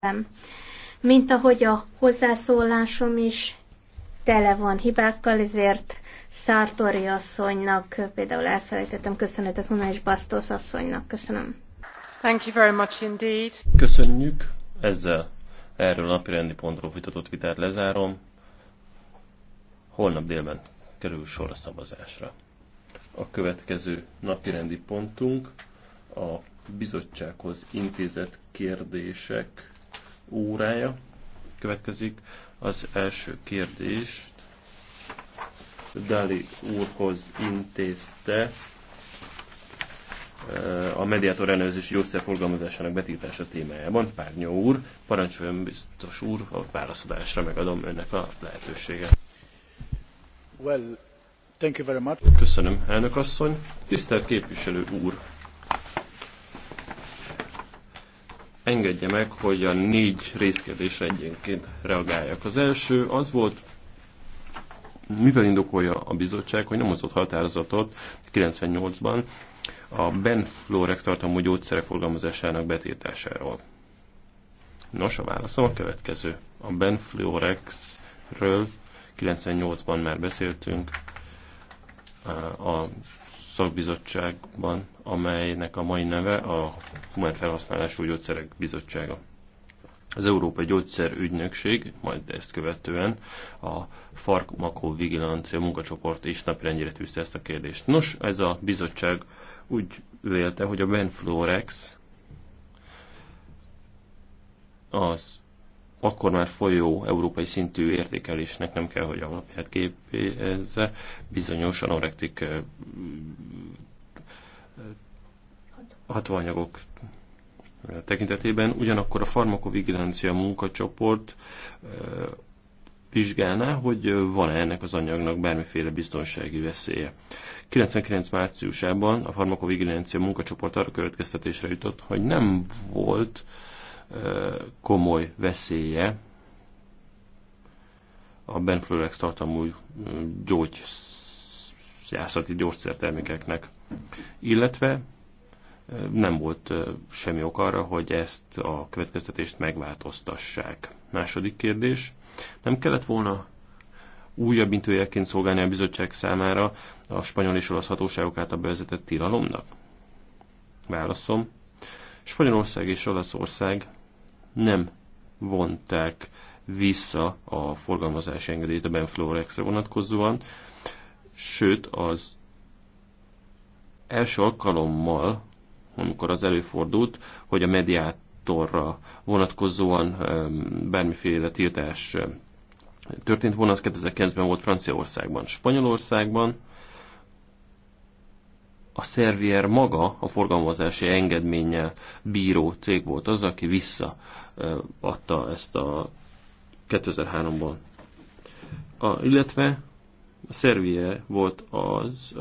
nem. Mint ahogy a hozzászólásom is tele van hibákkal, ezért Szártori asszonynak például elfelejtettem köszönetet mondani, és Bastos asszonynak köszönöm. Thank you very much indeed. Köszönjük ezzel. Erről a napi rendi pontról vitatott vitát lezárom. Holnap délben kerül sor a szavazásra. A következő napi rendi pontunk a bizottsághoz intézett kérdések órája. Következik az első kérdést. Dali úrhoz intézte eh, a mediátor ellenőrzési gyógyszer forgalmazásának betiltása témájában. Párnyó úr, parancsoljon biztos úr, a válaszadásra megadom önnek a lehetőséget. Well, thank you very much. Köszönöm, elnök asszony. Tisztelt képviselő úr! engedje meg, hogy a négy részkérdésre egyenként reagáljak. Az első az volt, mivel indokolja a bizottság, hogy nem hozott határozatot 98-ban a Benflorex tartalmú gyógyszerek forgalmazásának betiltásáról. Nos, a válaszom a következő. A Benflorexről 98-ban már beszéltünk, a szakbizottságban, amelynek a mai neve a Humán Felhasználású Gyógyszerek Bizottsága. Az Európai Gyógyszerügynökség, majd ezt követően a Farmakovigilancia munkacsoport is napirendjére tűzte ezt a kérdést. Nos, ez a bizottság úgy vélte, hogy a Benflorex az akkor már folyó európai szintű értékelésnek nem kell, hogy alapját képezze bizonyos anorektik hatóanyagok tekintetében. Ugyanakkor a farmakovigilancia munkacsoport vizsgálná, hogy van-e ennek az anyagnak bármiféle biztonsági veszélye. 99 márciusában a farmakovigilancia munkacsoport arra következtetésre jutott, hogy nem volt uh, komoly veszélye a benflorex tartalmú gyógyszerászati gyógyszertermékeknek. Illetve nem volt semmi ok arra, hogy ezt a következtetést megváltoztassák. Második kérdés. Nem kellett volna újabb intőjelként szolgálni a bizottság számára a spanyol és olasz hatóságok által bevezetett tilalomnak? Válaszom. Spanyolország és Olaszország nem vonták vissza a forgalmazási engedélyt a Benflorexre vonatkozóan, sőt az első alkalommal, amikor az előfordult, hogy a mediátorra vonatkozóan bármiféle tiltás történt volna, az 2009-ben volt Franciaországban, Spanyolországban, a szervier maga a forgalmazási engedménnyel bíró cég volt az, aki visszaadta ezt a 2003-ban. A, illetve a szervier volt az,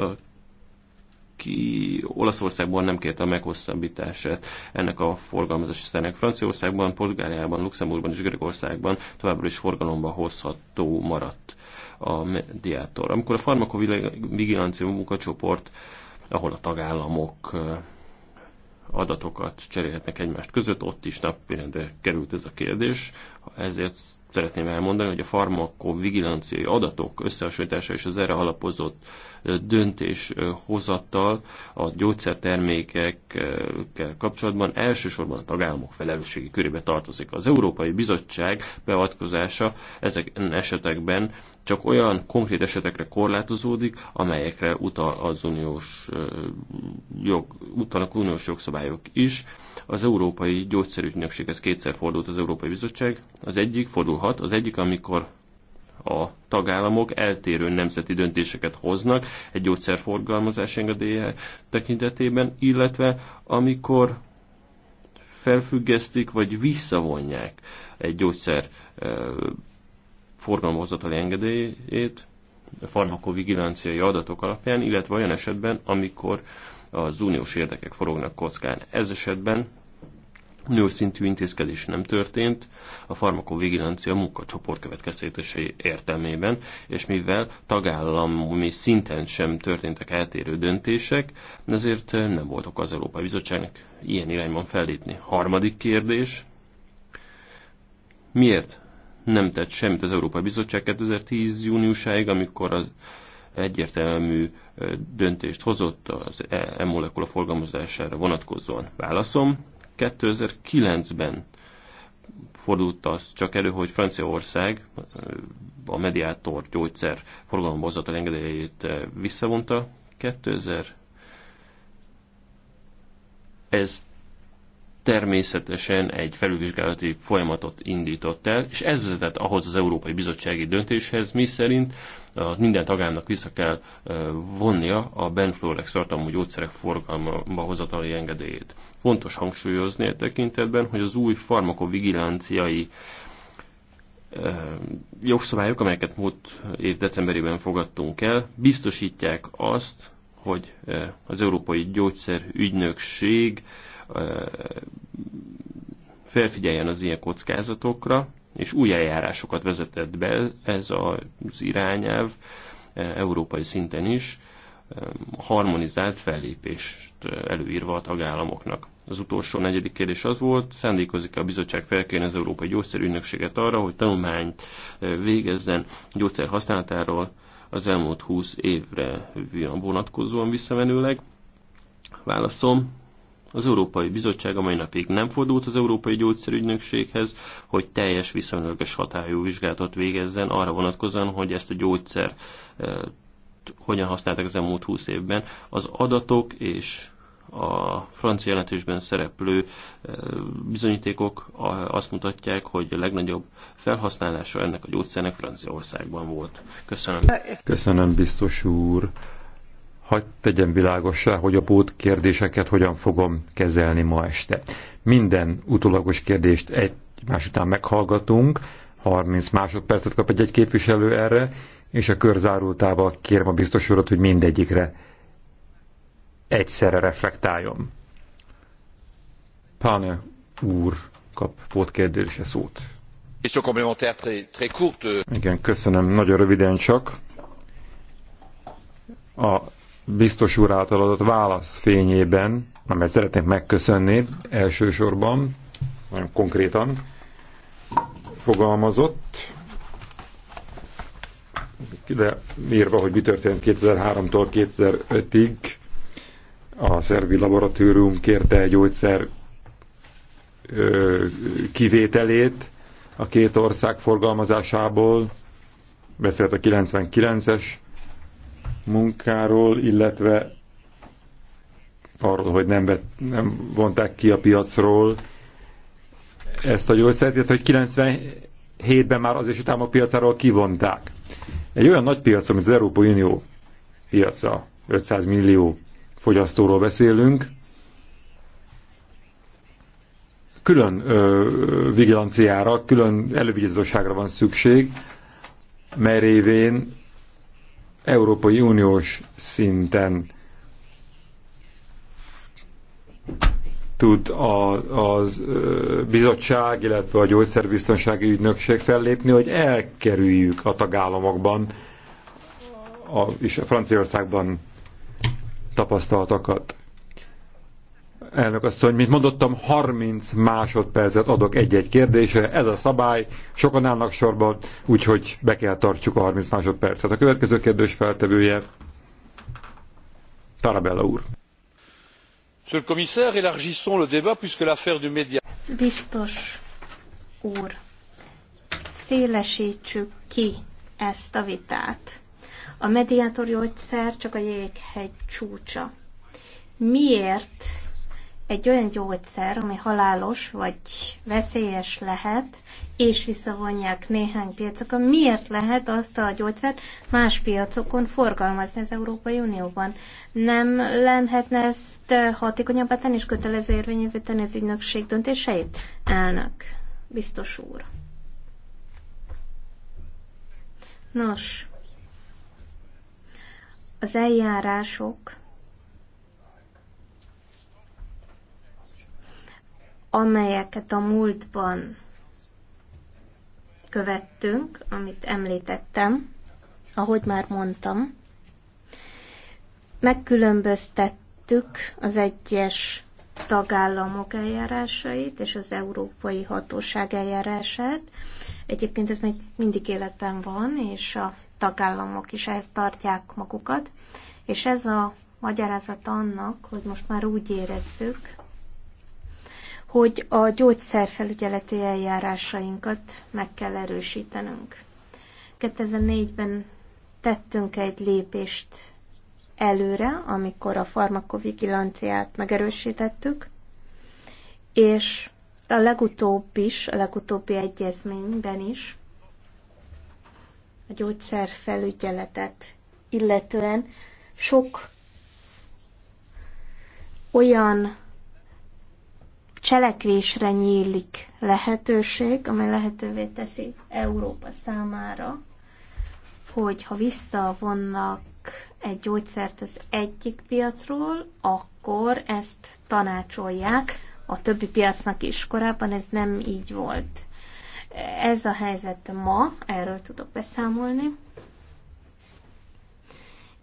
aki Olaszországban nem kérte a meghosszabbítását ennek a forgalmazási szernek. Franciaországban, Portugáliában, Luxemburgban és Görögországban továbbra is forgalomba hozható maradt a mediátor. Amikor a farmakovigilancia munkacsoport ahol a tagállamok adatokat cserélhetnek egymást között, ott is napirendre került ez a kérdés. Ezért szeretném elmondani, hogy a farmakovigilanciai adatok összehasonlítása és az erre alapozott döntés hozattal a gyógyszertermékekkel kapcsolatban elsősorban a tagállamok felelősségi körébe tartozik. Az Európai Bizottság beavatkozása ezek esetekben csak olyan konkrét esetekre korlátozódik, amelyekre utal az uniós jog, utalnak uniós jogszabályok is. Az Európai ez kétszer fordult az Európai Bizottság. Az egyik fordulhat, az egyik, amikor a tagállamok eltérő nemzeti döntéseket hoznak egy gyógyszerforgalmazás engedélye tekintetében, illetve amikor felfüggesztik vagy visszavonják egy gyógyszer forgalomhozatali engedélyét farmakovigilanciai adatok alapján, illetve olyan esetben, amikor az uniós érdekek forognak kockán. Ez esetben nőszintű intézkedés nem történt a farmakovigilancia munkacsoport következtetései értelmében, és mivel tagállami szinten sem történtek eltérő döntések, ezért nem voltak az Európai Bizottságnak ilyen irányban fellépni. Harmadik kérdés, miért nem tett semmit az Európai Bizottság 2010. júniusáig, amikor az egyértelmű döntést hozott az e-molekula e forgalmazására vonatkozóan. Válaszom, 2009-ben fordult az csak elő, hogy Franciaország a mediátor gyógyszer forgalmazatal engedélyét visszavonta. 2000 ez természetesen egy felülvizsgálati folyamatot indított el, és ez vezetett ahhoz az Európai Bizottsági döntéshez, mi szerint minden tagámnak vissza kell vonnia a benflorex tartalmú gyógyszerek forgalmába hozatali engedélyét. Fontos hangsúlyozni a e tekintetben, hogy az új farmakovigilanciai jogszabályok, amelyeket múlt év decemberében fogadtunk el, biztosítják azt, hogy az Európai Gyógyszerügynökség felfigyeljen az ilyen kockázatokra, és új eljárásokat vezetett be ez az irányelv e, európai szinten is, e, harmonizált fellépést előírva a tagállamoknak. Az utolsó negyedik kérdés az volt, szándékozik -e a bizottság felkérni az Európai Gyógyszerügynökséget arra, hogy tanulmányt e, végezzen gyógyszer használatáról az elmúlt 20 évre vonatkozóan visszamenőleg. Válaszom, az Európai Bizottság, a mai napig nem fordult az Európai Gyógyszerügynökséghez, hogy teljes viszonylagos hatályú vizsgálatot végezzen arra vonatkozóan, hogy ezt a gyógyszer e, hogyan használták az elmúlt 20 évben. Az adatok és a francia jelentésben szereplő e, bizonyítékok azt mutatják, hogy a legnagyobb felhasználása ennek a gyógyszernek Franciaországban volt. Köszönöm. Köszönöm, biztos úr hagy tegyem világosra, hogy a pót kérdéseket hogyan fogom kezelni ma este. Minden utólagos kérdést egymás után meghallgatunk, 30 másodpercet kap egy-egy képviselő erre, és a körzárultával kérem a biztos urat, hogy mindegyikre egyszerre reflektáljon. Páne úr kap kérdése szót. Igen, köszönöm, nagyon röviden csak. A biztos úr által adott válasz fényében, amelyet szeretnék megköszönni elsősorban, nagyon konkrétan fogalmazott, de írva, hogy mi történt 2003-tól 2005-ig, a szervi laboratórium kérte egy gyógyszer kivételét a két ország forgalmazásából, beszélt a 99-es munkáról, illetve arról, hogy nem, vet, nem vonták ki a piacról ezt a gyógyszert, illetve hogy 97-ben már az utána a piacáról kivonták. Egy olyan nagy piac, amit az Európai Unió piaca, 500 millió fogyasztóról beszélünk, külön ö, vigilanciára, külön elővigyázóságra van szükség, mert révén Európai Uniós szinten tud a, az bizottság, illetve a gyógyszerbiztonsági ügynökség fellépni, hogy elkerüljük a tagállamokban a, és a Franciaországban tapasztaltakat. Elnök asszony, mint mondottam, 30 másodpercet adok egy-egy kérdésre. Ez a szabály, sokan állnak sorban, úgyhogy be kell tartsuk a 30 másodpercet. A következő kérdés feltevője Tarabella úr. Monsieur le commissaire, élargissons le débat puisque l'affaire du média. Biztos úr, szélesítsük ki ezt a vitát. A mediátor gyógyszer csak a jéghegy csúcsa. Miért egy olyan gyógyszer, ami halálos vagy veszélyes lehet, és visszavonják néhány piacokon, miért lehet azt a gyógyszert más piacokon forgalmazni az Európai Unióban? Nem lehetne ezt hatékonyabbá tenni és kötelező érvényévé tenni az ügynökség döntéseit? Elnök, biztos úr. Nos, az eljárások amelyeket a múltban követtünk, amit említettem, ahogy már mondtam, megkülönböztettük az egyes tagállamok eljárásait és az európai hatóság eljárását. Egyébként ez még mindig életben van, és a tagállamok is ehhez tartják magukat. És ez a magyarázat annak, hogy most már úgy érezzük, hogy a gyógyszerfelügyeleti eljárásainkat meg kell erősítenünk. 2004-ben tettünk egy lépést előre, amikor a farmakovigilanciát megerősítettük, és a legutóbb is, a legutóbbi egyezményben is a gyógyszerfelügyeletet illetően sok olyan cselekvésre nyílik lehetőség, amely lehetővé teszi Európa számára, hogy ha visszavonnak egy gyógyszert az egyik piacról, akkor ezt tanácsolják a többi piacnak is. Korábban ez nem így volt. Ez a helyzet ma, erről tudok beszámolni.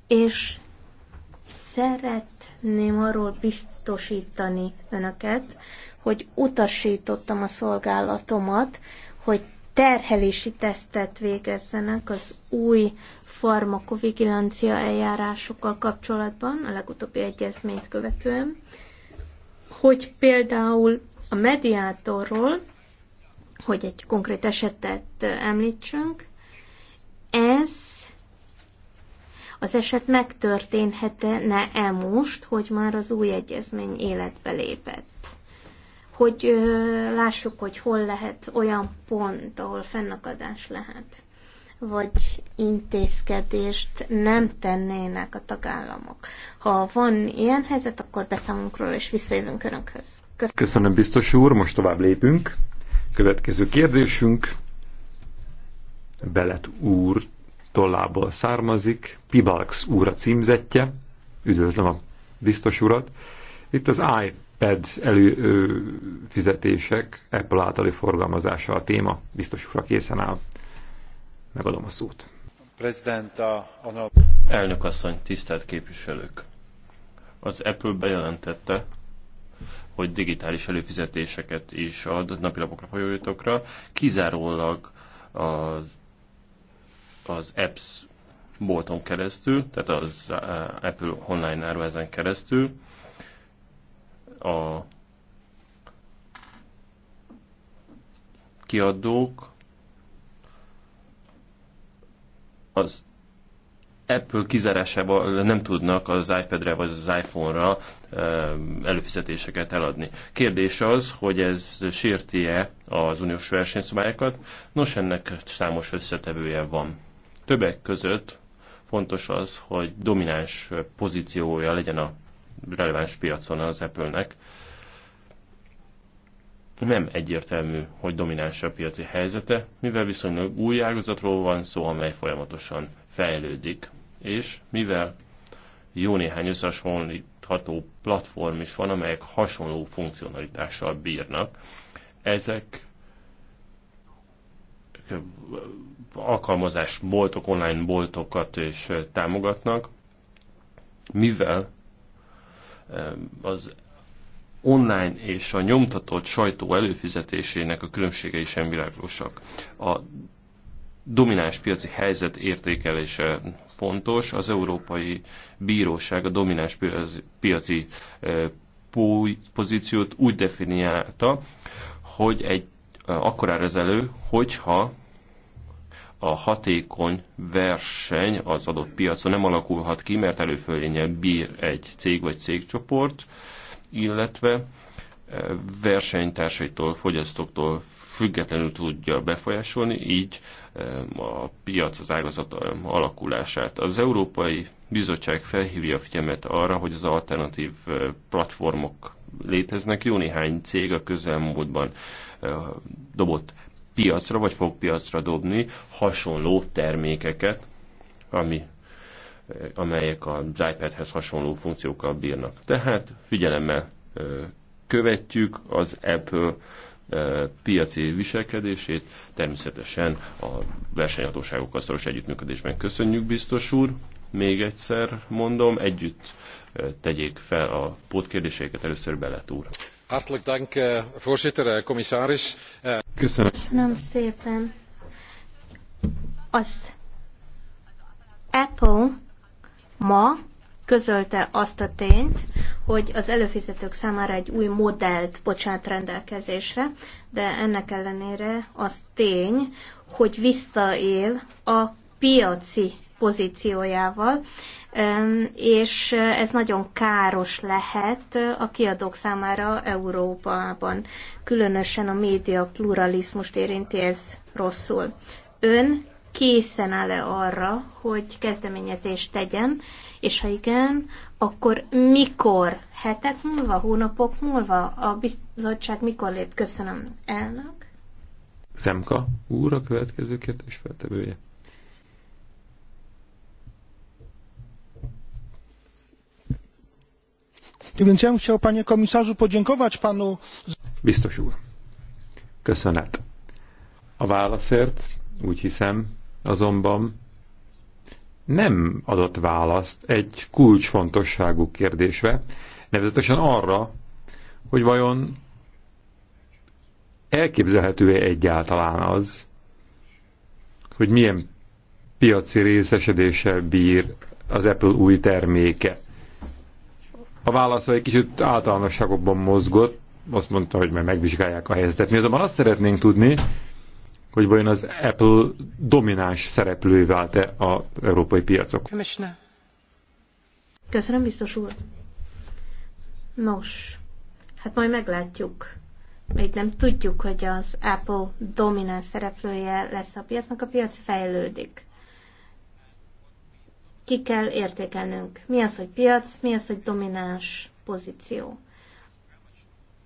És szeretném arról biztosítani önöket, hogy utasítottam a szolgálatomat, hogy terhelési tesztet végezzenek az új farmakovigilancia eljárásokkal kapcsolatban, a legutóbbi egyezményt követően, hogy például a mediátorról, hogy egy konkrét esetet említsünk, ez az eset megtörténhetne e most, hogy már az új egyezmény életbe lépett hogy lássuk, hogy hol lehet olyan pont, ahol fennakadás lehet, vagy intézkedést nem tennének a tagállamok. Ha van ilyen helyzet, akkor róla, és visszajövünk Önökhöz. Köszönöm. Köszönöm, biztos úr, most tovább lépünk. Következő kérdésünk Belet úr tollából származik, Pibalx úr a címzetje, üdvözlöm a biztos urat. Itt az I iPad előfizetések fizetések, Apple általi forgalmazása a téma, biztos ura készen áll. Megadom a szót. Elnök asszony, tisztelt képviselők! Az Apple bejelentette, hogy digitális előfizetéseket is ad napilapokra, folyóiratokra, kizárólag az, az apps bolton keresztül, tehát az Apple online áruházán keresztül, a kiadók az Apple kizárásával nem tudnak az iPad-re vagy az iPhone-ra előfizetéseket eladni. Kérdés az, hogy ez sérti-e az uniós versenyszabályokat? Nos, ennek számos összetevője van. Többek között fontos az, hogy domináns pozíciója legyen a releváns piacon az Apple-nek. Nem egyértelmű, hogy domináns a piaci helyzete, mivel viszonylag új ágazatról van szó, amely folyamatosan fejlődik, és mivel jó néhány összehasonlítható platform is van, amelyek hasonló funkcionalitással bírnak, ezek alkalmazás boltok, online boltokat is támogatnak, mivel az online és a nyomtatott sajtó előfizetésének a különbségei sem világosak. A domináns piaci helyzet értékelése fontos. Az Európai Bíróság a domináns piaci pozíciót úgy definiálta, hogy egy akkor áll elő, hogyha a hatékony verseny az adott piacon nem alakulhat ki, mert előfölénye bír egy cég vagy cégcsoport, illetve e, versenytársaitól, fogyasztóktól függetlenül tudja befolyásolni, így e, a piac az ágazat e, alakulását. Az Európai Bizottság felhívja a figyelmet arra, hogy az alternatív platformok léteznek. Jó néhány cég a közelmúltban dobott piacra vagy fog piacra dobni hasonló termékeket, ami, amelyek a iPadhez hasonló funkciókkal bírnak. Tehát figyelemmel követjük az Apple piaci viselkedését, természetesen a versenyhatóságokkal szoros együttműködésben köszönjük, biztos úr. Még egyszer mondom, együtt tegyék fel a pótkérdéseiket először Belet úr. Hartelijk dank, eh, voorzitter, eh, commissaris. Eh, Köszönöm. szépen. Az Apple ma közölte azt a tényt, hogy az előfizetők számára egy új modellt bocsát rendelkezésre, de ennek ellenére az tény, hogy visszaél a piaci pozíciójával, és ez nagyon káros lehet a kiadók számára Európában. Különösen a média pluralizmust érinti ez rosszul. Ön készen áll-e arra, hogy kezdeményezést tegyen, és ha igen, akkor mikor? Hetek múlva, hónapok múlva? A bizottság mikor lép? Köszönöm, elnök. Zemka úr a következő kérdés feltevője. Więc ja bym chciał, panie komisarzu, podziękować panu... Biztos úr, köszönet. A válaszért, úgy hiszem, azonban nem adott választ egy kulcsfontosságú kérdésre, nevezetesen arra, hogy vajon elképzelhető-e egyáltalán az, hogy milyen piaci részesedéssel bír az Apple új terméke a válaszai kicsit általánosságokban mozgott, azt mondta, hogy majd megvizsgálják a helyzetet. Mi azonban azt szeretnénk tudni, hogy vajon az Apple domináns szereplői vált-e az európai piacok. Köszönöm, biztos úr. Nos, hát majd meglátjuk. Még nem tudjuk, hogy az Apple domináns szereplője lesz a piacnak, a piac fejlődik ki kell értékelnünk. Mi az, hogy piac, mi az, hogy domináns pozíció.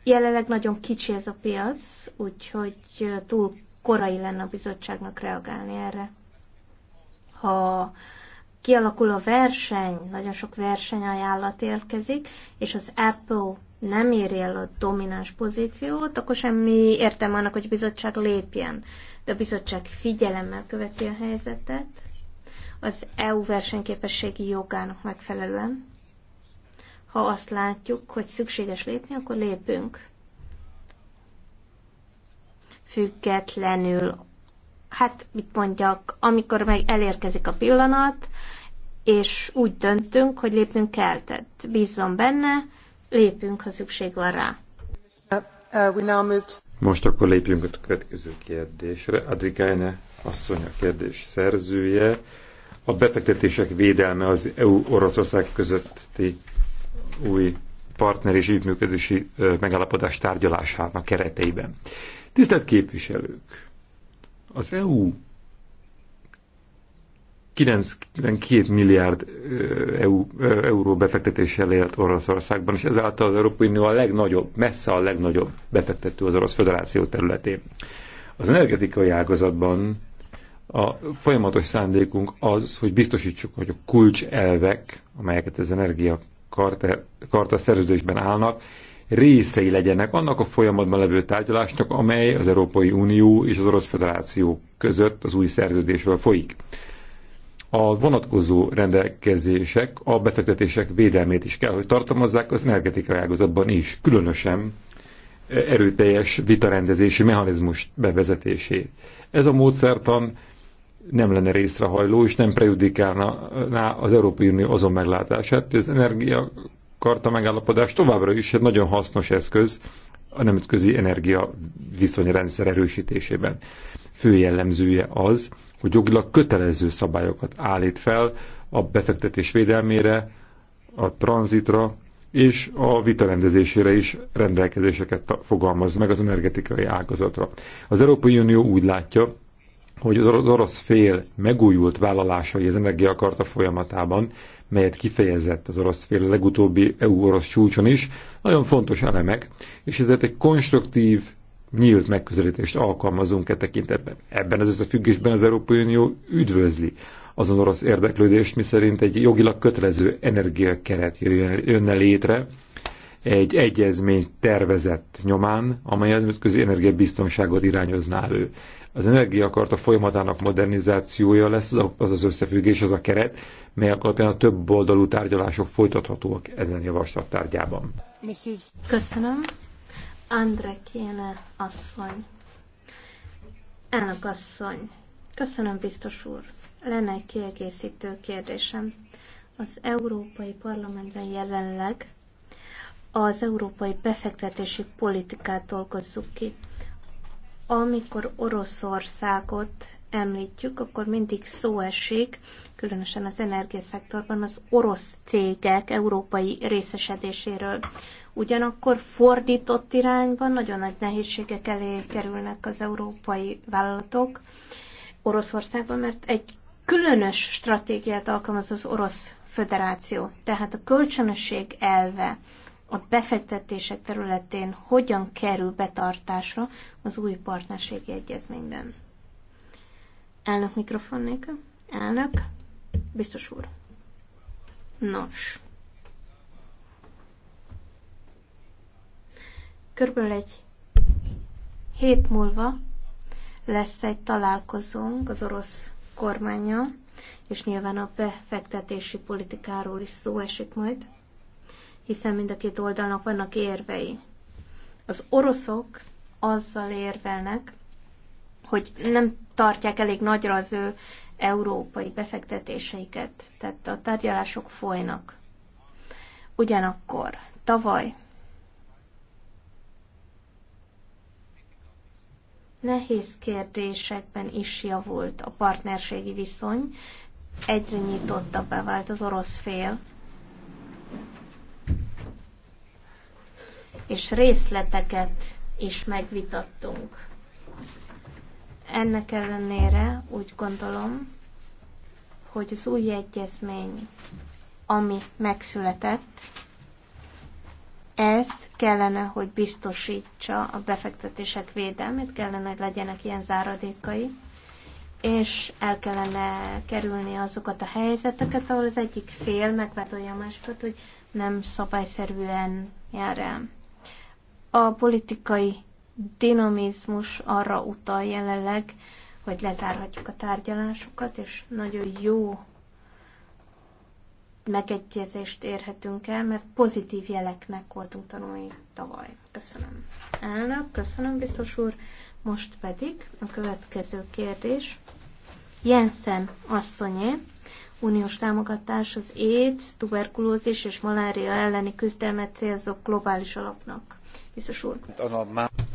Jelenleg nagyon kicsi ez a piac, úgyhogy túl korai lenne a bizottságnak reagálni erre. Ha kialakul a verseny, nagyon sok versenyajánlat érkezik, és az Apple nem éri el a domináns pozíciót, akkor semmi értelme annak, hogy a bizottság lépjen. De a bizottság figyelemmel követi a helyzetet, az EU versenyképességi jogának megfelelően. Ha azt látjuk, hogy szükséges lépni, akkor lépünk. Függetlenül, hát mit mondjak, amikor meg elérkezik a pillanat, és úgy döntünk, hogy lépnünk kell, tehát bízzon benne, lépünk, ha szükség van rá. Most akkor lépjünk a következő kérdésre. Adrigájne asszony a kérdés szerzője a befektetések védelme az EU-Oroszország közötti új partner és ügyműködési megállapodás tárgyalásának kereteiben. Tisztelt képviselők! Az EU 92 milliárd EU, euró befektetéssel élt Oroszországban, és ezáltal az Európai Unió a legnagyobb, messze a legnagyobb befektető az Orosz Föderáció területén. Az energetikai ágazatban a folyamatos szándékunk az, hogy biztosítsuk, hogy a kulcselvek, amelyeket az energia karta szerződésben állnak, részei legyenek annak a folyamatban levő tárgyalásnak, amely az Európai Unió és az Orosz Federáció között az új szerződésről folyik. A vonatkozó rendelkezések a befektetések védelmét is kell, hogy tartalmazzák az energetikai ágazatban is, különösen erőteljes vitarendezési mechanizmus bevezetését. Ez a módszertan nem lenne részrehajló, és nem prejudikálná az Európai Unió azon meglátását. Az energiakarta megállapodás továbbra is egy nagyon hasznos eszköz a nemzetközi energia viszonyrendszer erősítésében. Fő jellemzője az, hogy jogilag kötelező szabályokat állít fel a befektetés védelmére, a tranzitra és a vitarendezésére is rendelkezéseket fogalmaz meg az energetikai ágazatra. Az Európai Unió úgy látja, hogy az orosz fél megújult vállalásai az energiakarta folyamatában, melyet kifejezett az orosz fél a legutóbbi EU-orosz csúcson is, nagyon fontos elemek, és ezért egy konstruktív, nyílt megközelítést alkalmazunk e tekintetben. Ebben az összefüggésben az Európai Unió üdvözli azon orosz érdeklődést, miszerint egy jogilag kötelező energiakeret jönne létre, egy egyezmény tervezett nyomán, amely a nemzetközi energiabiztonságot irányozná elő az energiakarta folyamatának modernizációja lesz, az az összefüggés, az a keret, mely alapján a több oldalú tárgyalások folytathatóak ezen javaslat tárgyában. Mrs. Köszönöm. Andre Kéne asszony. Elnök asszony. Köszönöm, biztos úr. Lenne egy kiegészítő kérdésem. Az Európai Parlamentben jelenleg az európai befektetési politikát dolgozzuk ki amikor Oroszországot említjük, akkor mindig szó esik, különösen az energiaszektorban, az orosz cégek európai részesedéséről. Ugyanakkor fordított irányban nagyon nagy nehézségek elé kerülnek az európai vállalatok Oroszországban, mert egy különös stratégiát alkalmaz az Orosz Föderáció. Tehát a kölcsönösség elve, a befektetések területén hogyan kerül betartásra az új partnerségi egyezményben. Elnök mikrofon nélkül. Elnök, biztos úr. Nos. Körülbelül egy hét múlva lesz egy találkozónk az orosz kormányjal, és nyilván a befektetési politikáról is szó esik majd hiszen mind a két oldalnak vannak érvei. Az oroszok azzal érvelnek, hogy nem tartják elég nagyra az ő európai befektetéseiket, tehát a tárgyalások folynak. Ugyanakkor tavaly nehéz kérdésekben is javult a partnerségi viszony, egyre nyitottabbá vált az orosz fél, és részleteket is megvitattunk. Ennek ellenére úgy gondolom, hogy az új egyezmény, ami megszületett, ez kellene, hogy biztosítsa a befektetések védelmét, kellene, hogy legyenek ilyen záradékai, és el kellene kerülni azokat a helyzeteket, ahol az egyik fél megvádolja a másikat, hogy nem szabályszerűen jár el. A politikai dinamizmus arra utal jelenleg, hogy lezárhatjuk a tárgyalásokat, és nagyon jó megegyezést érhetünk el, mert pozitív jeleknek voltunk tanulni tavaly. Köszönöm. Elnök, köszönöm biztos úr. Most pedig a következő kérdés. Jensen asszonyé, uniós támogatás az AIDS, tuberkulózis és malária elleni küzdelmet célzó globális alapnak biztos úr.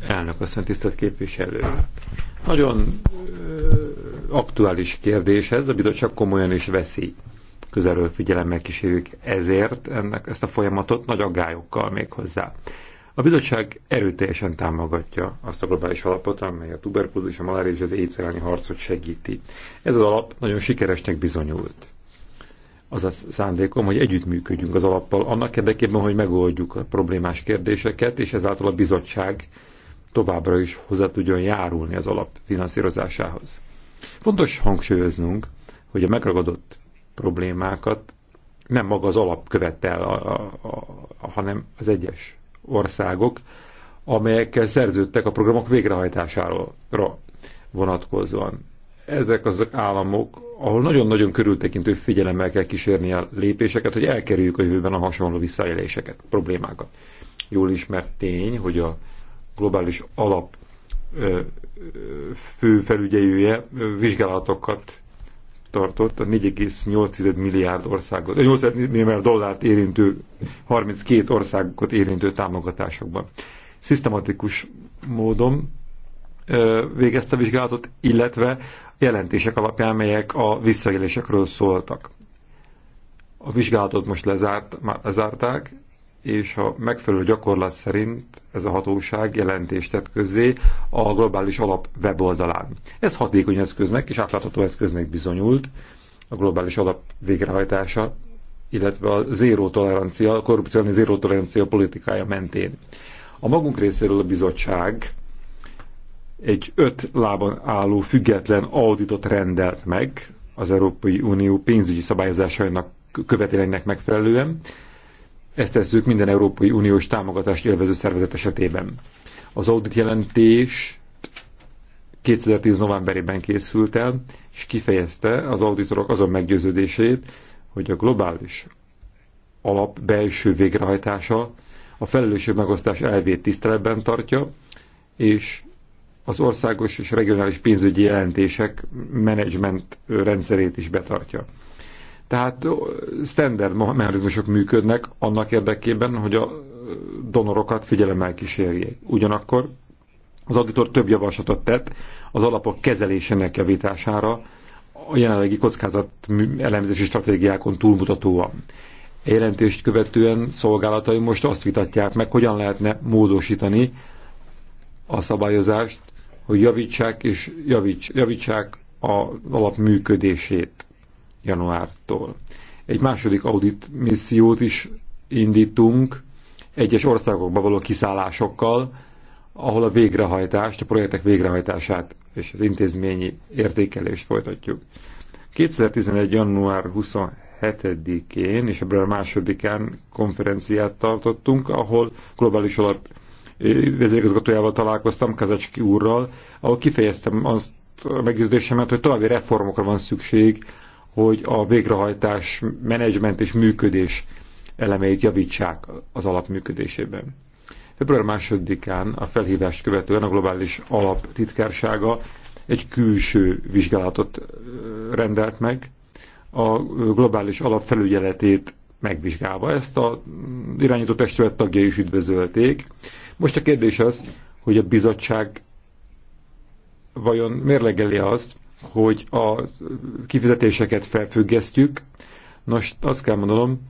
Elnök asszony, tisztelt képviselő. Nagyon ö, aktuális kérdés ez, a bizottság komolyan is veszi. Közelről figyelemmel kísérjük ezért ennek, ezt a folyamatot nagy aggályokkal még hozzá. A bizottság erőteljesen támogatja azt a globális alapot, amely a tuberkulózis, a malária és az éjszerelni harcot segíti. Ez az alap nagyon sikeresnek bizonyult az a szándékom, hogy együttműködjünk az alappal annak érdekében, hogy megoldjuk a problémás kérdéseket, és ezáltal a bizottság továbbra is hozzá tudjon járulni az alap finanszírozásához. Fontos hangsúlyoznunk, hogy a megragadott problémákat nem maga az alap követel, a, a, a, a, hanem az egyes országok, amelyekkel szerződtek a programok végrehajtásáról vonatkozóan ezek az államok, ahol nagyon-nagyon körültekintő figyelemmel kell kísérni a lépéseket, hogy elkerüljük a jövőben a hasonló visszaéléseket, problémákat. Jól ismert tény, hogy a globális alap fő felügyelője vizsgálatokat tartott a 4,8 milliárd országot, 8 milliárd dollárt érintő, 32 országot érintő támogatásokban. Szisztematikus módon végezte a vizsgálatot, illetve jelentések alapján, melyek a visszaélésekről szóltak. A vizsgálatot most lezárt, már lezárták, és a megfelelő gyakorlat szerint ez a hatóság jelentést tett közzé a globális alap weboldalán. Ez hatékony eszköznek és átlátható eszköznek bizonyult a globális alap végrehajtása, illetve a zéró tolerancia, a korrupcióni zéró tolerancia politikája mentén. A magunk részéről a bizottság egy öt lábon álló független auditot rendelt meg az Európai Unió pénzügyi szabályozásainak követelménynek megfelelően. Ezt tesszük minden Európai Uniós támogatást élvező szervezet esetében. Az audit jelentés 2010. novemberében készült el, és kifejezte az auditorok azon meggyőződését, hogy a globális alap belső végrehajtása a felelősség megosztás elvét tiszteletben tartja, és az országos és regionális pénzügyi jelentések menedzsment rendszerét is betartja. Tehát standard mechanizmusok működnek annak érdekében, hogy a donorokat figyelemmel kísérjék. Ugyanakkor az auditor több javaslatot tett az alapok kezelésének javítására, a jelenlegi kockázat elemzési stratégiákon túlmutatóan. A e jelentést követően szolgálatai most azt vitatják meg, hogyan lehetne módosítani a szabályozást hogy javítsák és javíts, javítsák a alap működését januártól. Egy második audit missziót is indítunk egyes országokba való kiszállásokkal, ahol a végrehajtást, a projektek végrehajtását és az intézményi értékelést folytatjuk. 2011. január 27-én és ebből a másodikán konferenciát tartottunk, ahol globális alap vezérigazgatójával találkoztam, Kazacski úrral, ahol kifejeztem azt a meggyőződésemet, hogy további reformokra van szükség, hogy a végrehajtás, menedzsment és működés elemeit javítsák az működésében. Február másodikán a felhívást követően a globális alap titkársága egy külső vizsgálatot rendelt meg, a globális alap felügyeletét megvizsgálva. Ezt a mm, irányító testület tagjai is üdvözölték. Most a kérdés az, hogy a bizottság vajon mérlegeli azt, hogy a kifizetéseket felfüggesztjük. Nos, azt kell mondanom,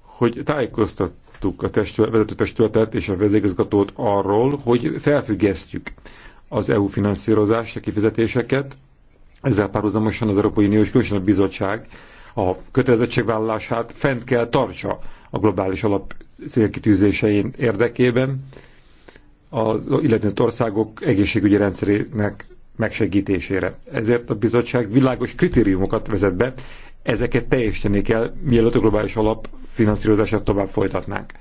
hogy tájékoztattuk a testület, vezető testületet és a vezérigazgatót arról, hogy felfüggesztjük az EU finanszírozást, a kifizetéseket, ezzel párhuzamosan az Európai Uniós Különösen a Bizottság a kötelezettségvállalását fent kell tartsa a globális alap célkitűzésein érdekében az illető országok egészségügyi rendszerének megsegítésére. Ezért a bizottság világos kritériumokat vezet be, ezeket teljesíteni kell, mielőtt a globális alap finanszírozását tovább folytatnánk.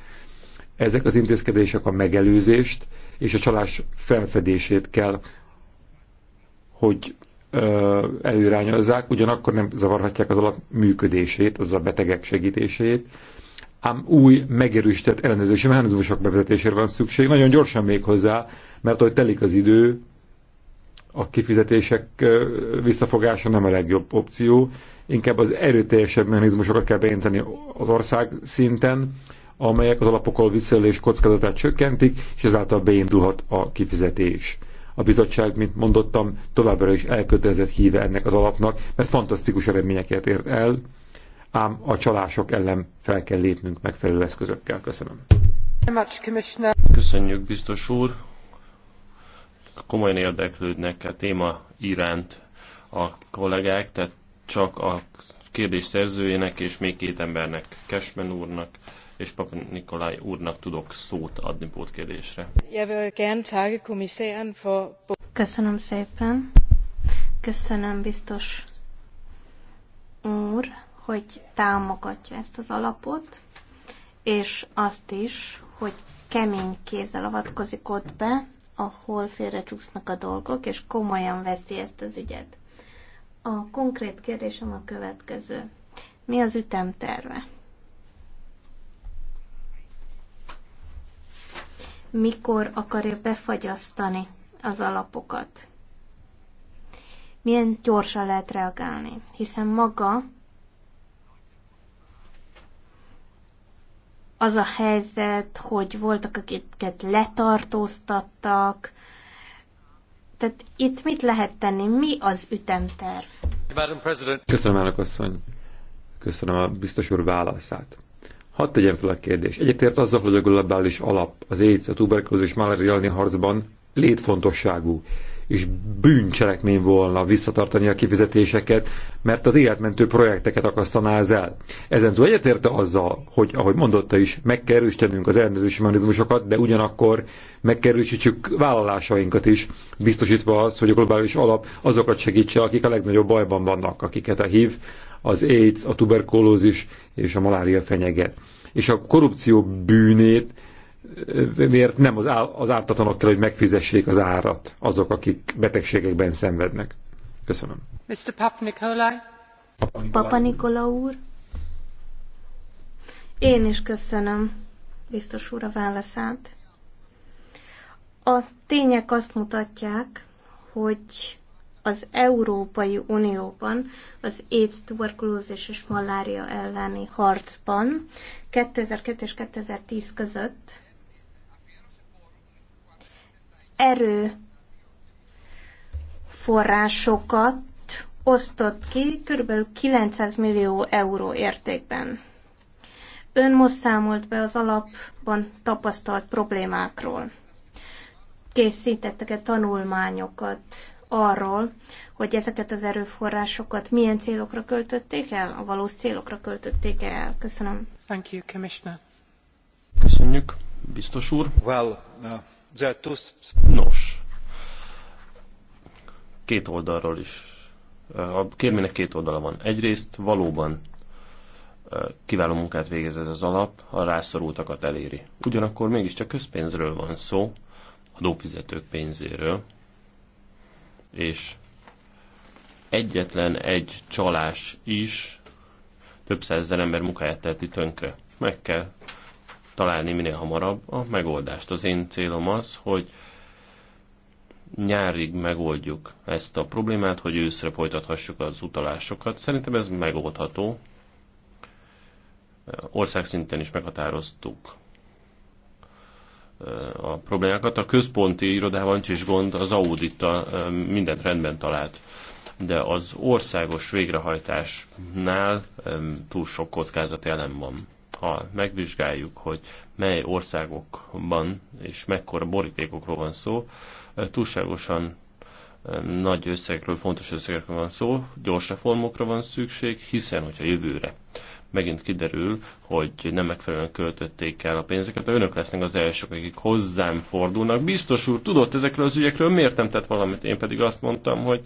Ezek az intézkedések a megelőzést és a csalás felfedését kell, hogy előrányozzák, ugyanakkor nem zavarhatják az alap működését, az a betegek segítését, ám új, megerősített ellenőrzési mechanizmusok bevezetésére van szükség, nagyon gyorsan még hozzá, mert ahogy telik az idő, a kifizetések visszafogása nem a legjobb opció, inkább az erőteljesebb mechanizmusokat kell beinteni az ország szinten, amelyek az alapokkal visszaélés kockázatát csökkentik, és ezáltal beindulhat a kifizetés. A bizottság, mint mondottam, továbbra is elkötelezett híve ennek az alapnak, mert fantasztikus eredményeket ért el, ám a csalások ellen fel kell lépnünk megfelelő eszközökkel. Köszönöm. Köszönjük, biztos úr. Komolyan érdeklődnek a téma iránt a kollégák, tehát csak a kérdés szerzőjének és még két embernek, Kesmen úrnak és Papa Nikolaj úrnak tudok szót adni pótkérdésre. Köszönöm szépen. Köszönöm, biztos úr hogy támogatja ezt az alapot, és azt is, hogy kemény kézzel avatkozik ott be, ahol félrecsúsznak a dolgok, és komolyan veszi ezt az ügyet. A konkrét kérdésem a következő. Mi az ütemterve? Mikor akarja befagyasztani az alapokat? Milyen gyorsan lehet reagálni? Hiszen maga Az a helyzet, hogy voltak, akiket letartóztattak. Tehát itt mit lehet tenni? Mi az ütemterv? Köszönöm, elnök asszony. Köszönöm a biztos úr válaszát. Hadd tegyem fel a kérdést. Egyetért azzal, hogy a globális alap az AIDS, a tuberkulózis, malária harcban létfontosságú és bűncselekmény volna visszatartani a kifizetéseket, mert az életmentő projekteket akasztaná ez el. Ezen túl egyetérte azzal, hogy ahogy mondotta is, meg kell erősítenünk az ellenőrzési mechanizmusokat, de ugyanakkor meg kell erősítsük vállalásainkat is, biztosítva azt, hogy a globális alap azokat segítse, akik a legnagyobb bajban vannak, akiket a HIV, az AIDS, a tuberkulózis és a malária fenyeget. És a korrupció bűnét miért nem az, á, az ártatlanok kell, hogy megfizessék az árat azok, akik betegségekben szenvednek. Köszönöm. Mr. Papa Nikolai. Papa Nikola úr. Én is köszönöm biztos úr a válaszát. A tények azt mutatják, hogy az Európai Unióban az AIDS, tuberkulózis és malária elleni harcban 2002 és 2010 között erő forrásokat osztott ki kb. 900 millió euró értékben. Ön most számolt be az alapban tapasztalt problémákról. Készítettek -e tanulmányokat arról, hogy ezeket az erőforrásokat milyen célokra költötték el, a valós célokra költötték -e el? Köszönöm. Thank you, Commissioner. Köszönjük, biztos úr. Well, uh... Nos, két oldalról is. Eh, a kérménynek két oldala van. Egyrészt valóban eh, kiváló munkát végez ez az alap, a rászorultakat eléri. Ugyanakkor mégiscsak közpénzről van szó, adófizetők pénzéről, és egyetlen egy csalás is több százezer ember munkáját teheti tönkre. Meg kell találni minél hamarabb a megoldást. Az én célom az, hogy nyárig megoldjuk ezt a problémát, hogy őszre folytathassuk az utalásokat. Szerintem ez megoldható. Országszinten is meghatároztuk a problémákat. A központi irodában is gond, az audita mindent rendben talált, de az országos végrehajtásnál túl sok kockázat jelen van ha megvizsgáljuk, hogy mely országokban és mekkora borítékokról van szó, eh, túlságosan eh, nagy összegekről, fontos összegekről van szó, gyors reformokra van szükség, hiszen hogyha jövőre megint kiderül, hogy nem megfelelően költötték el a pénzeket, de önök lesznek az elsők, akik hozzám fordulnak. Biztos úr, tudott ezekről az ügyekről, miért nem tett valamit? Én pedig azt mondtam, hogy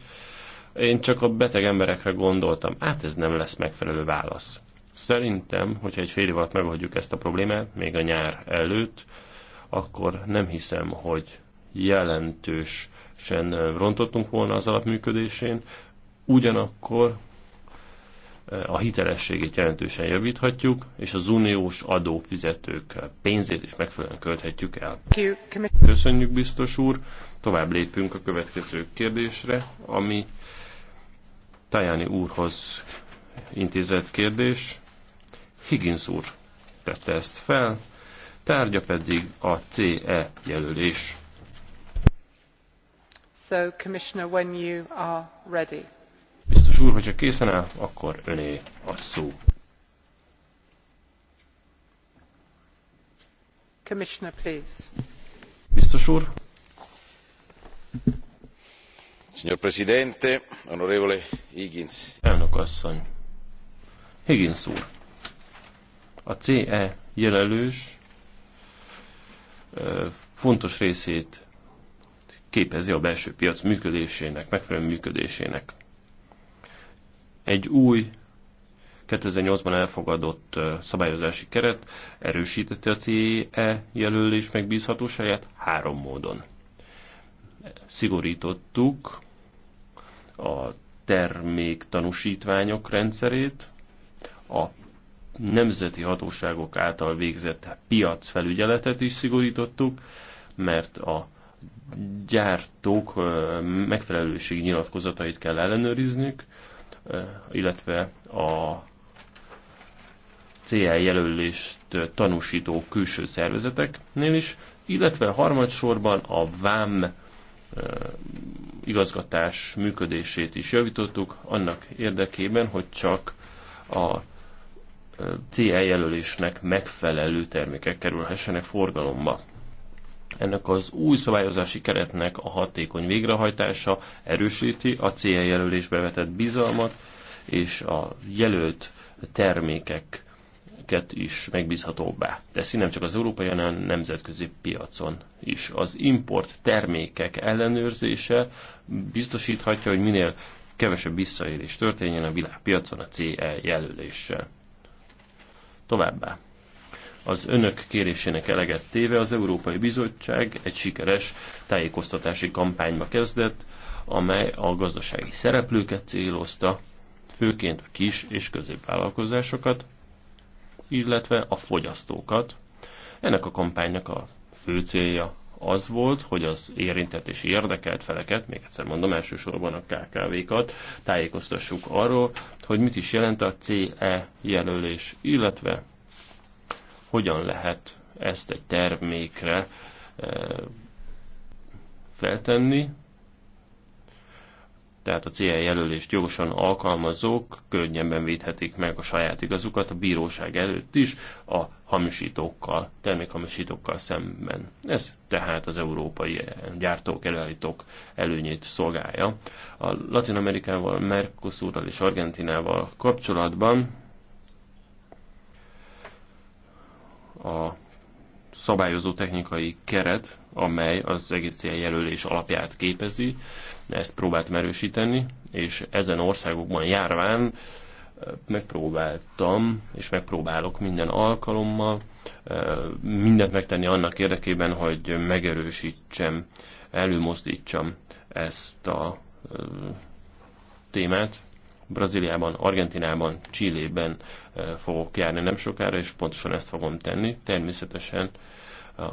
én csak a beteg emberekre gondoltam. Hát ez nem lesz megfelelő válasz. Szerintem, hogyha egy fél év alatt megoldjuk ezt a problémát, még a nyár előtt, akkor nem hiszem, hogy jelentősen rontottunk volna az alapműködésén, ugyanakkor eh, a hitelességét jelentősen javíthatjuk, és az uniós adófizetők pénzét is megfelelően költhetjük el. Köszönjük, biztos úr! Tovább lépünk a következő kérdésre, ami Tajani úrhoz intézett kérdés. Higgins úr tette ezt fel, tárgya pedig a CE jelölés. So, Commissioner, when you are ready. Biztos úr, hogyha készen áll, akkor öné a szó. Commissioner, please. Biztos úr. Signor Presidente, onorevole Higgins. Elnök asszony. Higgins úr a CE jelölős fontos részét képezi a belső piac működésének, megfelelő működésének. Egy új 2008-ban elfogadott szabályozási keret erősítette a CE jelölés megbízhatóságát három módon. Szigorítottuk a termék tanúsítványok rendszerét, a nemzeti hatóságok által végzett piacfelügyeletet is szigorítottuk, mert a gyártók megfelelőségi nyilatkozatait kell ellenőriznünk, illetve a CL jelölést tanúsító külső szervezeteknél is, illetve harmadsorban a VAM igazgatás működését is javítottuk annak érdekében, hogy csak a CE jelölésnek megfelelő termékek kerülhessenek forgalomba. Ennek az új szabályozási keretnek a hatékony végrehajtása erősíti a CE jelölésbe vetett bizalmat, és a jelölt termékeket is megbízhatóbbá teszi, nem csak az európai, hanem a nemzetközi piacon is. Az import termékek ellenőrzése biztosíthatja, hogy minél kevesebb visszaélés történjen a világpiacon a CE jelöléssel. Továbbá az önök kérésének eleget téve az Európai Bizottság egy sikeres tájékoztatási kampányba kezdett, amely a gazdasági szereplőket célozta, főként a kis és középvállalkozásokat, illetve a fogyasztókat. Ennek a kampánynak a fő célja az volt, hogy az érintett és érdekelt feleket, még egyszer mondom, elsősorban a KKV-kat tájékoztassuk arról, hogy mit is jelent a CE jelölés, illetve hogyan lehet ezt egy termékre eh, feltenni, tehát a céljelölést jogosan alkalmazók könnyebben védhetik meg a saját igazukat a bíróság előtt is a hamisítókkal, termékhamisítókkal szemben. Ez tehát az európai eh, gyártók, előállítók előnyét szolgálja. A Latin Amerikával, Mercosurral és Argentinával kapcsolatban a szabályozó technikai keret amely az egész céljelölés alapját képezi. Ezt próbáltam erősíteni, és ezen országokban járván megpróbáltam, és megpróbálok minden alkalommal mindent megtenni annak érdekében, hogy megerősítsem, előmozdítsam ezt a témát. Brazíliában, Argentinában, Csillében fogok járni nem sokára, és pontosan ezt fogom tenni. Természetesen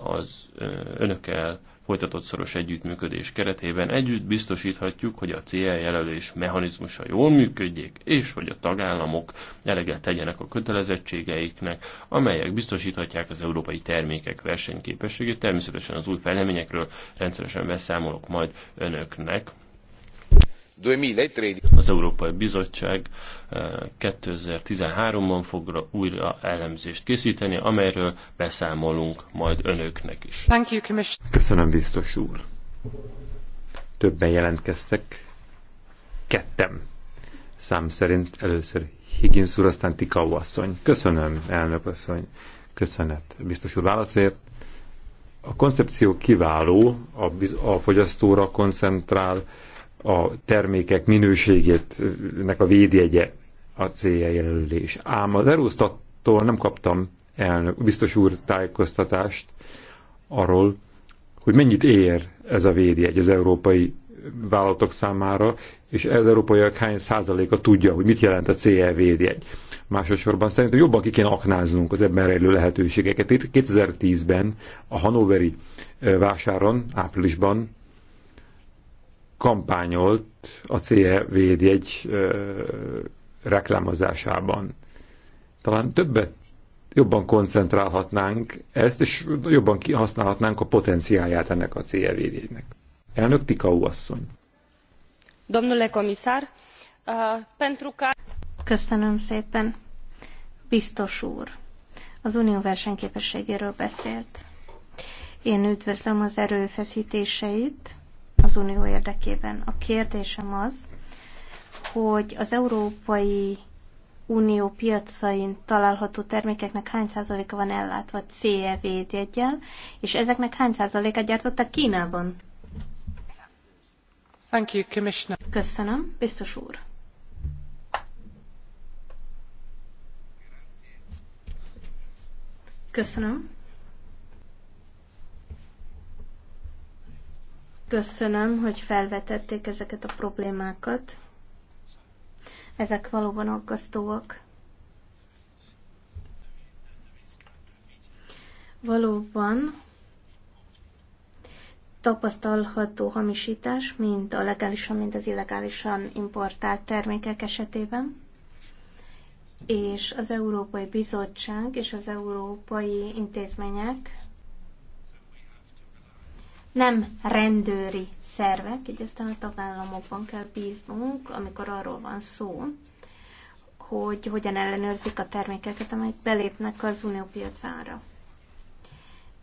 az önökkel folytatott szoros együttműködés keretében együtt biztosíthatjuk, hogy a céljelölés jelölés mechanizmusa jól működjék, és hogy a tagállamok eleget tegyenek a kötelezettségeiknek, amelyek biztosíthatják az európai termékek versenyképességét. Természetesen az új fejleményekről rendszeresen beszámolok majd önöknek. Az Európai Bizottság 2013-ban eh, fog újra elemzést készíteni, amelyről beszámolunk majd önöknek is. You, Köszönöm, biztos úr. Többen jelentkeztek. Kettem. Szám szerint először Higgins úr, aztán Tikau asszony. Köszönöm, elnök asszony. Köszönet, biztos úr válaszért. A koncepció kiváló, a, a fogyasztóra koncentrál, a termékek minőségét, nek a védjegye a célja jelölés. Ám az Erosztattól nem kaptam elnök, biztos úr tájékoztatást arról, hogy mennyit ér ez a védjegy az európai vállalatok számára, és az európaiak hány százaléka tudja, hogy mit jelent a CE védjegy. Másosorban szerintem jobban ki kéne aknáznunk az ebben rejlő lehetőségeket. Itt 2010-ben a Hanoveri vásáron, áprilisban kampányolt a CE egy reklámozásában. Talán többet jobban koncentrálhatnánk ezt, és jobban kihasználhatnánk a potenciáját ennek a CE védjegynek. Elnök Tikau asszony. Domnule komisár, uh, pentru ca... Köszönöm szépen. Biztos úr, az unió versenyképességéről beszélt. Én üdvözlöm az erőfeszítéseit, az unió érdekében. A kérdésem az, hogy az Európai Unió piacain található termékeknek hány százaléka van ellátva CE védjegyel, és ezeknek hány százalékát gyártottak Kínában? Thank you, Commissioner. Köszönöm, biztos úr. Köszönöm. Köszönöm, hogy felvetették ezeket a problémákat. Ezek valóban aggasztóak. Valóban tapasztalható hamisítás, mind a legálisan, mind az illegálisan importált termékek esetében és az Európai Bizottság és az európai intézmények nem rendőri szervek, így aztán a tagállamokban kell bíznunk, amikor arról van szó, hogy hogyan ellenőrzik a termékeket, amelyek belépnek az unió piacára,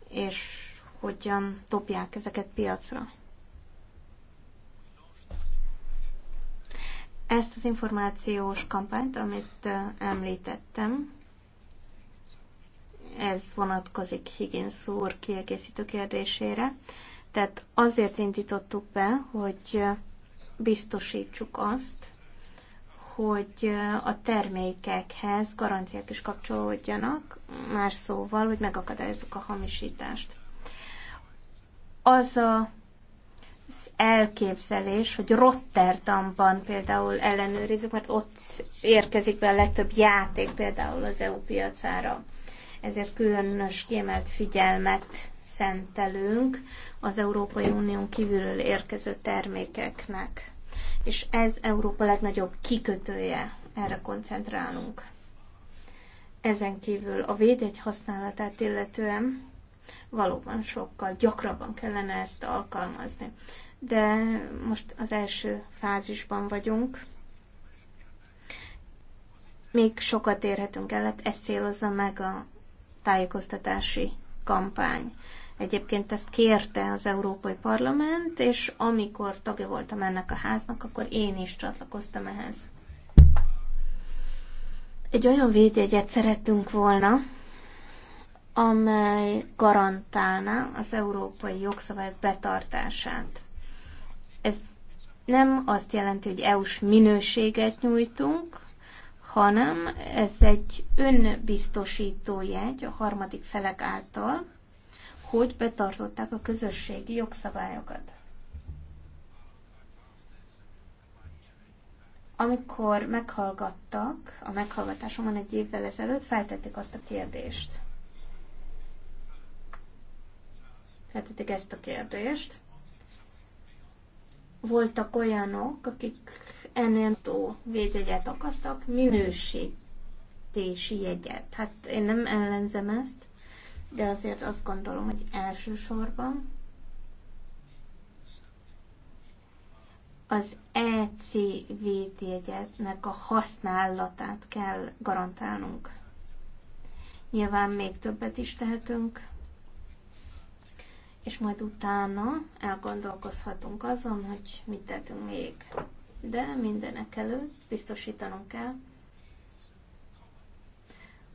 és hogyan topják ezeket piacra. Ezt az információs kampányt, amit említettem, ez vonatkozik Higgins úr kiegészítő kérdésére. Tehát azért indítottuk be, hogy biztosítsuk azt, hogy a termékekhez garanciát is kapcsolódjanak, más szóval, hogy megakadályozzuk a hamisítást. Az a az elképzelés, hogy Rotterdamban például ellenőrizzük, mert ott érkezik be a legtöbb játék például az EU piacára. Ezért különös kiemelt figyelmet szentelünk az Európai Unión kívülről érkező termékeknek. És ez Európa legnagyobb kikötője, erre koncentrálunk. Ezen kívül a védjegy használatát illetően valóban sokkal gyakrabban kellene ezt alkalmazni. De most az első fázisban vagyunk. Még sokat érhetünk el, hát ezt célozza meg a tájékoztatási kampány. Egyébként ezt kérte az Európai Parlament, és amikor tagja voltam ennek a háznak, akkor én is csatlakoztam ehhez. Egy olyan védjegyet szerettünk volna, amely garantálná az európai jogszabály betartását. Ez nem azt jelenti, hogy EU-s minőséget nyújtunk, hanem ez egy önbiztosító jegy a harmadik felek által, hogy betartották a közösségi jogszabályokat. Amikor meghallgattak, a meghallgatásomon egy évvel ezelőtt feltették azt a kérdést. Feltették ezt a kérdést. Voltak olyanok, akik ennél tó védjegyet akartak, minősítési jegyet. Hát én nem ellenzem ezt, de azért azt gondolom, hogy elsősorban az ECVT jegyetnek a használatát kell garantálnunk. Nyilván még többet is tehetünk, és majd utána elgondolkozhatunk azon, hogy mit tettünk még. De mindenek előtt biztosítanunk kell,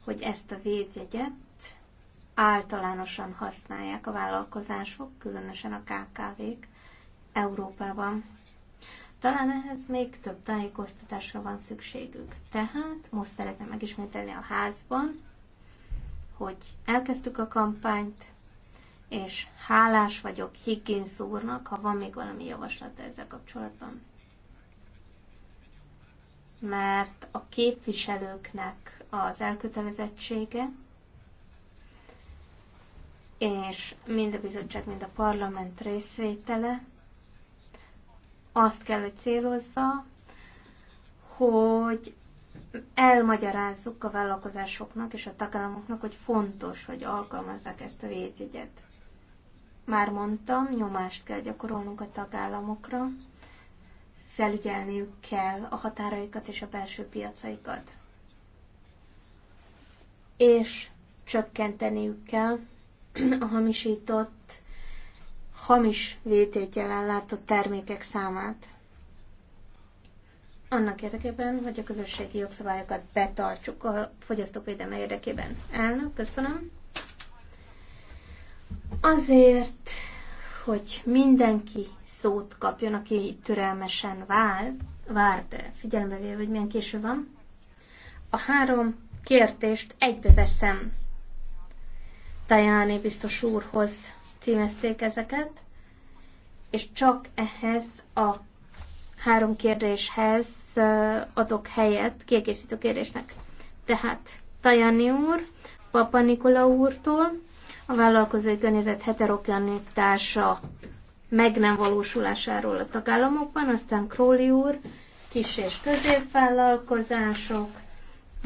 hogy ezt a védjegyet általánosan használják a vállalkozások, különösen a KKV-k Európában. Talán ehhez még több tájékoztatásra van szükségük. Tehát most szeretném megismételni a házban, hogy elkezdtük a kampányt, és hálás vagyok Higgins úrnak, ha van még valami javaslata ezzel kapcsolatban. Mert a képviselőknek az elkötelezettsége és mind a bizottság, mind a parlament részvétele azt kell, hogy célozza, hogy elmagyarázzuk a vállalkozásoknak és a tagállamoknak, hogy fontos, hogy alkalmazzák ezt a védjegyet. Már mondtam, nyomást kell gyakorolnunk a tagállamokra, felügyelniük kell a határaikat és a belső piacaikat. És csökkenteniük kell a hamisított, hamis vététjel ellátott termékek számát. Annak érdekében, hogy a közösségi jogszabályokat betartsuk a fogyasztók védelme érdekében. Elnök, köszönöm. Azért, hogy mindenki szót kapjon, aki türelmesen vár, várt, figyelembe véve, hogy milyen késő van, a három kértést egybe veszem Tajáni biztos úrhoz címezték ezeket, és csak ehhez a három kérdéshez adok helyet kiegészítő kérdésnek. Tehát Tajani úr, Papa Nikola úrtól a vállalkozói környezet heterogenitása meg nem valósulásáról a tagállamokban, aztán Króli úr, kis és középvállalkozások,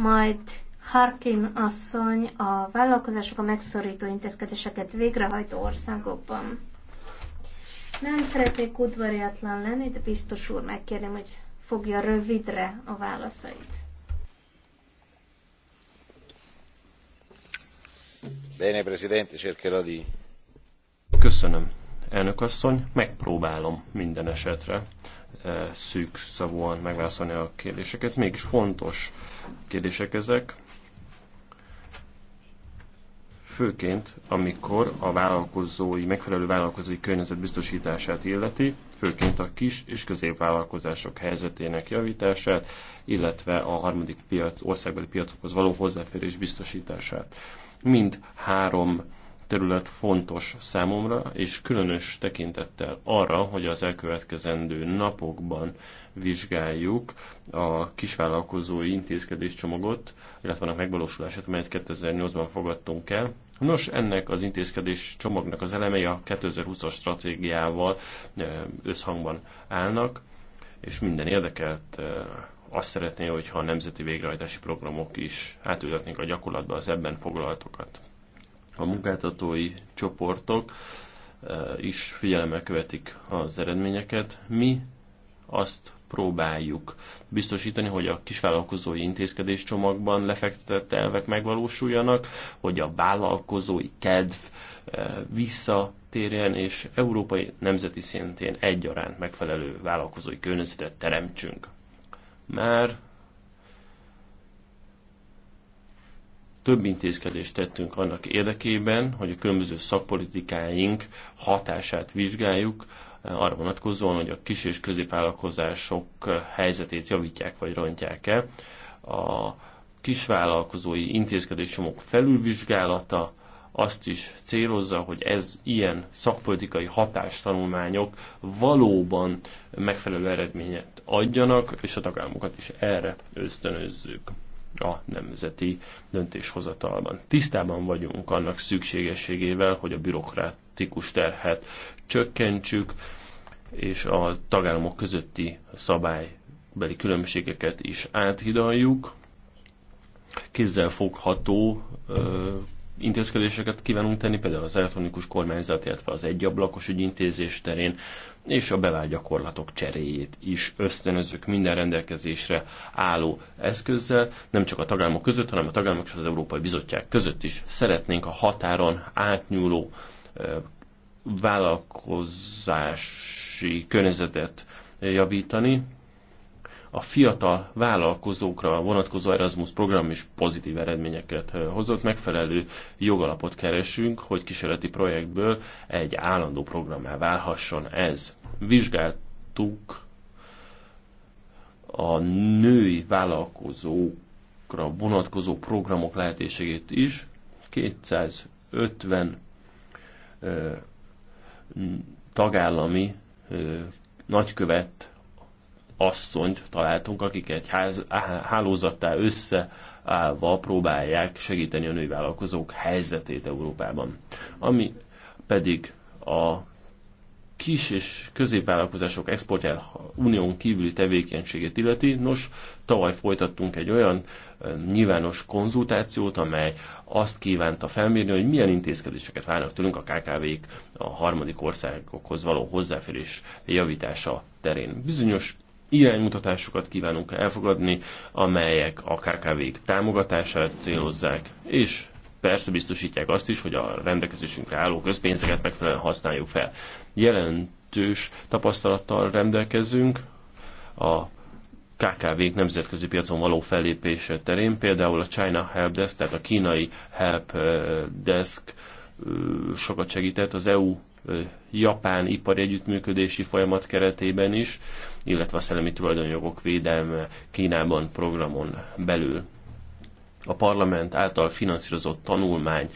majd Harkin asszony a vállalkozások a megszorító intézkedéseket végrehajtó országokban. Nem szeretnék udvariatlan lenni, de biztos úr megkérném, hogy fogja rövidre a válaszait. Bene, Presidente, cercherò di... Köszönöm, elnök asszony. Megpróbálom minden esetre eh, szűk szavúan megválaszolni a kérdéseket. Mégis fontos kérdések ezek főként amikor a vállalkozói, megfelelő vállalkozói környezet biztosítását illeti, főként a kis és középvállalkozások helyzetének javítását, illetve a harmadik piac, országbeli piacokhoz való hozzáférés biztosítását. Mind három terület fontos számomra, és különös tekintettel arra, hogy az elkövetkezendő napokban vizsgáljuk a kisvállalkozói intézkedéscsomagot, illetve annak megvalósulását, amelyet 2008-ban fogadtunk el. Nos, ennek az intézkedés csomagnak az elemei a 2020-as stratégiával eh, összhangban állnak, és minden érdekelt eh, azt szeretné, hogyha a nemzeti végrehajtási programok is átültetnék a gyakorlatba az ebben foglaltokat a munkáltatói csoportok e, is figyelemmel követik az eredményeket. Mi azt próbáljuk biztosítani, hogy a kisvállalkozói intézkedés csomagban lefektetett elvek megvalósuljanak, hogy a vállalkozói kedv e, visszatérjen, és európai nemzeti szintén egyaránt megfelelő vállalkozói környezetet teremtsünk. Már több intézkedést tettünk annak érdekében, hogy a különböző szakpolitikáink hatását vizsgáljuk, eh, arra vonatkozóan, hogy a kis és középvállalkozások eh, helyzetét javítják vagy rontják el. A kisvállalkozói intézkedéscsomók felülvizsgálata azt is célozza, hogy ez ilyen szakpolitikai hatástanulmányok valóban megfelelő eredményet adjanak, és a tagállamokat is erre ösztönözzük a nemzeti döntéshozatalban. Tisztában vagyunk annak szükségességével, hogy a bürokratikus terhet csökkentsük, és a tagállamok közötti szabálybeli különbségeket is áthidaljuk. Kézzel fogható ö, intézkedéseket kívánunk tenni, például az elektronikus kormányzat, illetve az egyablakos ügyintézés terén és a bevált gyakorlatok cseréjét is ösztönözzük minden rendelkezésre álló eszközzel, nem csak a tagállamok között, hanem a tagállamok és az Európai Bizottság között is. Szeretnénk a határon átnyúló vállalkozási környezetet javítani, a fiatal vállalkozókra vonatkozó Erasmus program is pozitív eredményeket hozott. Megfelelő jogalapot keresünk, hogy kísérleti projektből egy állandó programmá válhasson ez. Vizsgáltuk a női vállalkozókra vonatkozó programok lehetőségét is. 250 tagállami nagykövet asszonyt találtunk, akik egy ház, hálózattá összeállva próbálják segíteni a vállalkozók helyzetét Európában. Ami pedig a kis és középvállalkozások exportjár unión kívüli tevékenységét illeti. Nos, tavaly folytattunk egy olyan nyilvános konzultációt, amely azt kívánta felmérni, hogy milyen intézkedéseket várnak tőlünk a KKV-k a harmadik országokhoz való hozzáférés javítása terén. Bizonyos iránymutatásokat kívánunk elfogadni, amelyek a kkv támogatását célozzák, és persze biztosítják azt is, hogy a rendelkezésünkre álló közpénzeket megfelelően használjuk fel. Jelentős tapasztalattal rendelkezünk a KKV-k nemzetközi piacon való fellépése terén, például a China Help Desk, tehát a kínai Help Desk sokat segített az EU Japán ipari együttműködési folyamat keretében is, illetve a szellemi tulajdonjogok védelme Kínában programon belül. A parlament által finanszírozott tanulmány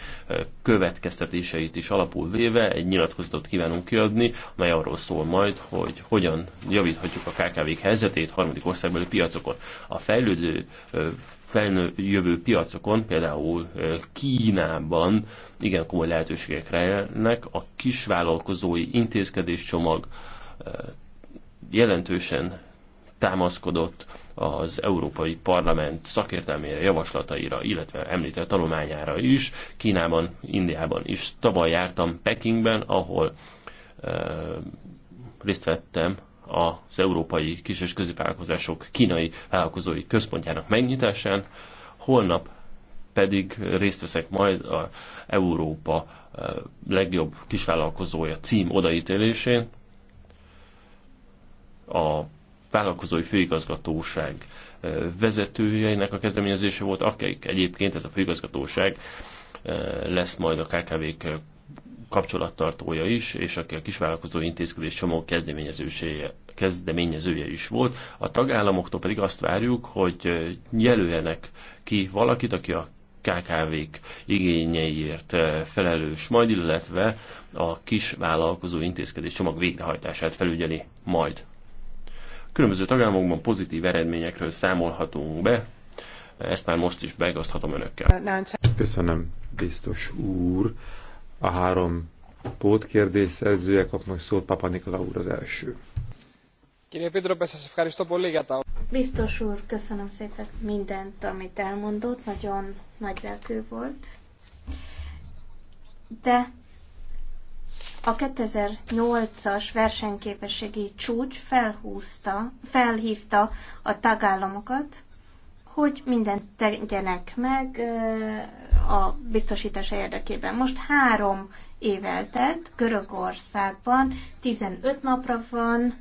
következtetéseit is alapul véve egy nyilatkozatot kívánunk kiadni, amely arról szól majd, hogy hogyan javíthatjuk a KKV-k helyzetét harmadik országbeli piacokon. A fejlődő jövő piacokon, például Kínában igen komoly lehetőségek rejelnek a kisvállalkozói intézkedéscsomag jelentősen támaszkodott az Európai Parlament szakértelmére, javaslataira, illetve említett tanulmányára is. Kínában, Indiában is. Tavaly jártam Pekingben, ahol uh, részt vettem az Európai Kis- és Középvállalkozások Kínai Vállalkozói Központjának megnyitásán. Holnap pedig részt veszek majd a Európa legjobb kisvállalkozója cím odaítélésén, a vállalkozói főigazgatóság vezetőjeinek a kezdeményezése volt, akik egyébként ez a főigazgatóság lesz majd a KKV-k kapcsolattartója is, és aki a kisvállalkozó intézkedés csomó kezdeményezője is volt. A tagállamoktól pedig azt várjuk, hogy jelöljenek ki valakit, aki a KKV-k igényeiért felelős majd, illetve a kis vállalkozó intézkedés csomag végrehajtását felügyeli majd. Különböző tagállamokban pozitív eredményekről számolhatunk be, ezt már most is beigazthatom önökkel. Köszönöm, biztos úr. A három pótkérdés szerzője kapnak szót, Papa Nikola úr az első. Biztos úr, köszönöm szépen mindent, amit elmondott, nagyon nagy lelkű volt. De a 2008-as versenyképességi csúcs felhúzta, felhívta a tagállamokat, hogy mindent tegyenek meg a biztosítása érdekében. Most három év eltelt, Görögországban 15 napra van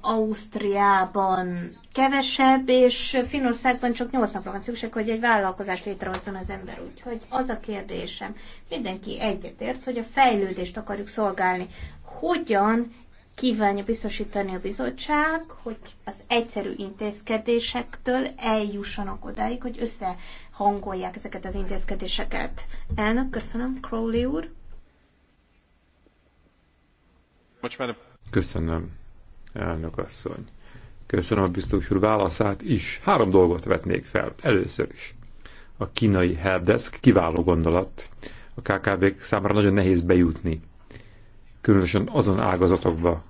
Ausztriában kevesebb, és Finországban csak 8 napra van szükség, hogy egy vállalkozást létrehozzon az ember. Úgyhogy az a kérdésem, mindenki egyetért, hogy a fejlődést akarjuk szolgálni. Hogyan kívánja biztosítani a bizottság, hogy az egyszerű intézkedésektől eljussanak odáig, hogy összehangolják ezeket az intézkedéseket. Elnök, köszönöm, Crowley úr. Köszönöm. Elnök asszony. Köszönöm a biztos úr válaszát is. Három dolgot vetnék fel. Először is. A kínai helpdesk kiváló gondolat. A kkv számára nagyon nehéz bejutni. Különösen azon ágazatokba,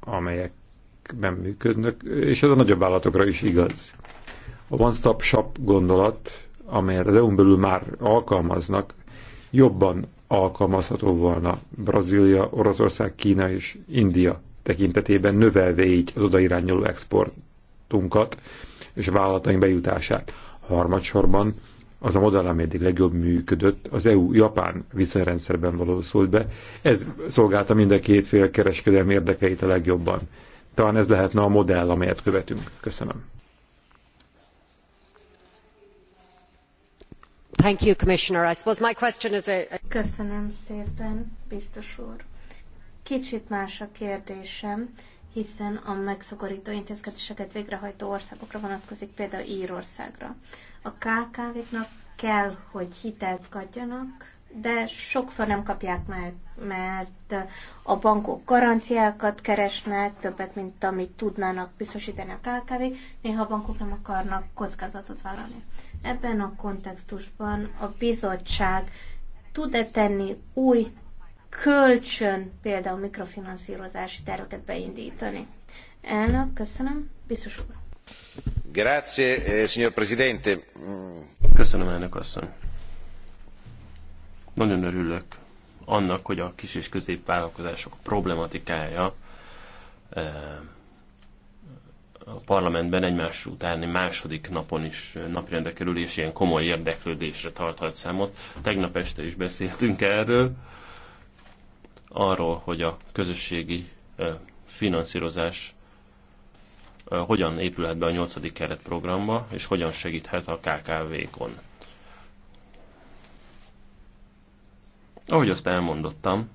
amelyekben működnek, és ez a nagyobb vállalatokra is igaz. A one-stop shop gondolat, amelyet az EU-n belül már alkalmaznak, jobban alkalmazható volna Brazília, Oroszország, Kína és India tekintetében növelve így az odairányuló exportunkat és a vállalataink bejutását. Harmadsorban az a modell, ami eddig legjobb működött, az EU-Japán viszonyrendszerben valószult be. Ez szolgálta mind a két fél kereskedelmi érdekeit a legjobban. Talán ez lehetne a modell, amelyet követünk. Köszönöm. Thank you, Commissioner. I suppose my question is a... Köszönöm szépen, biztos úr. Kicsit más a kérdésem, hiszen a megszigorító intézkedéseket végrehajtó országokra vonatkozik, például Írországra. A KKV-knak kell, hogy hitelt kapjanak, de sokszor nem kapják meg, mert a bankok garanciákat keresnek, többet, mint amit tudnának biztosítani a KKV, néha a bankok nem akarnak kockázatot vállalni. Ebben a kontextusban a bizottság tud-e tenni új kölcsön például mikrofinanszírozási terveket beindítani. Elnök, köszönöm. Biztos úr. Grazie, eh, signor Presidente. Köszönöm, elnök asszony. Nagyon örülök annak, hogy a kis és középvállalkozások problematikája eh, a parlamentben egymás utáni második napon is napirendre kerül, és ilyen komoly érdeklődésre tarthat számot. Tegnap este is beszéltünk erről arról, hogy a közösségi finanszírozás hogyan épülhet be a 8. programba, és hogyan segíthet a KKV-kon. Ahogy azt elmondottam,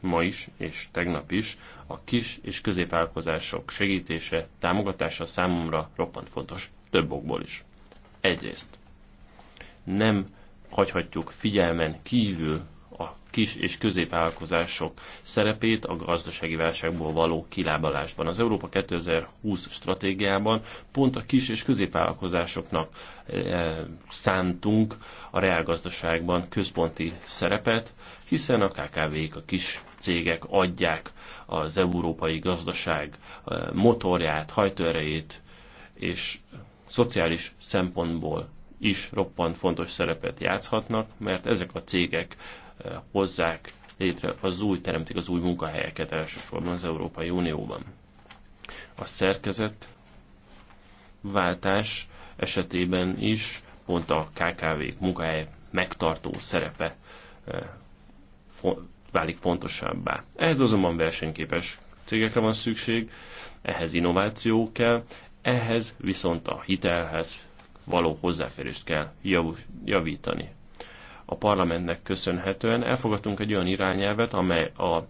ma is és tegnap is, a kis és középvállalkozások segítése, támogatása számomra roppant fontos, több okból is. Egyrészt nem hagyhatjuk figyelmen kívül kis és középvállalkozások szerepét a gazdasági válságból való kilábalásban. Az Európa 2020 stratégiában pont a kis és középvállalkozásoknak eh, szántunk a reálgazdaságban központi szerepet, hiszen a KKV-k, a kis cégek adják az európai gazdaság eh, motorját, hajtóerejét, és szociális szempontból is roppant fontos szerepet játszhatnak, mert ezek a cégek hozzák létre az új, teremtik az új munkahelyeket elsősorban az Európai Unióban. A szerkezet váltás esetében is pont a kkv munkahely megtartó szerepe eh, válik fontosabbá. Ehhez azonban versenyképes cégekre van szükség, ehhez innováció kell, ehhez viszont a hitelhez való hozzáférést kell javítani a parlamentnek köszönhetően elfogadtunk egy olyan irányelvet, amely a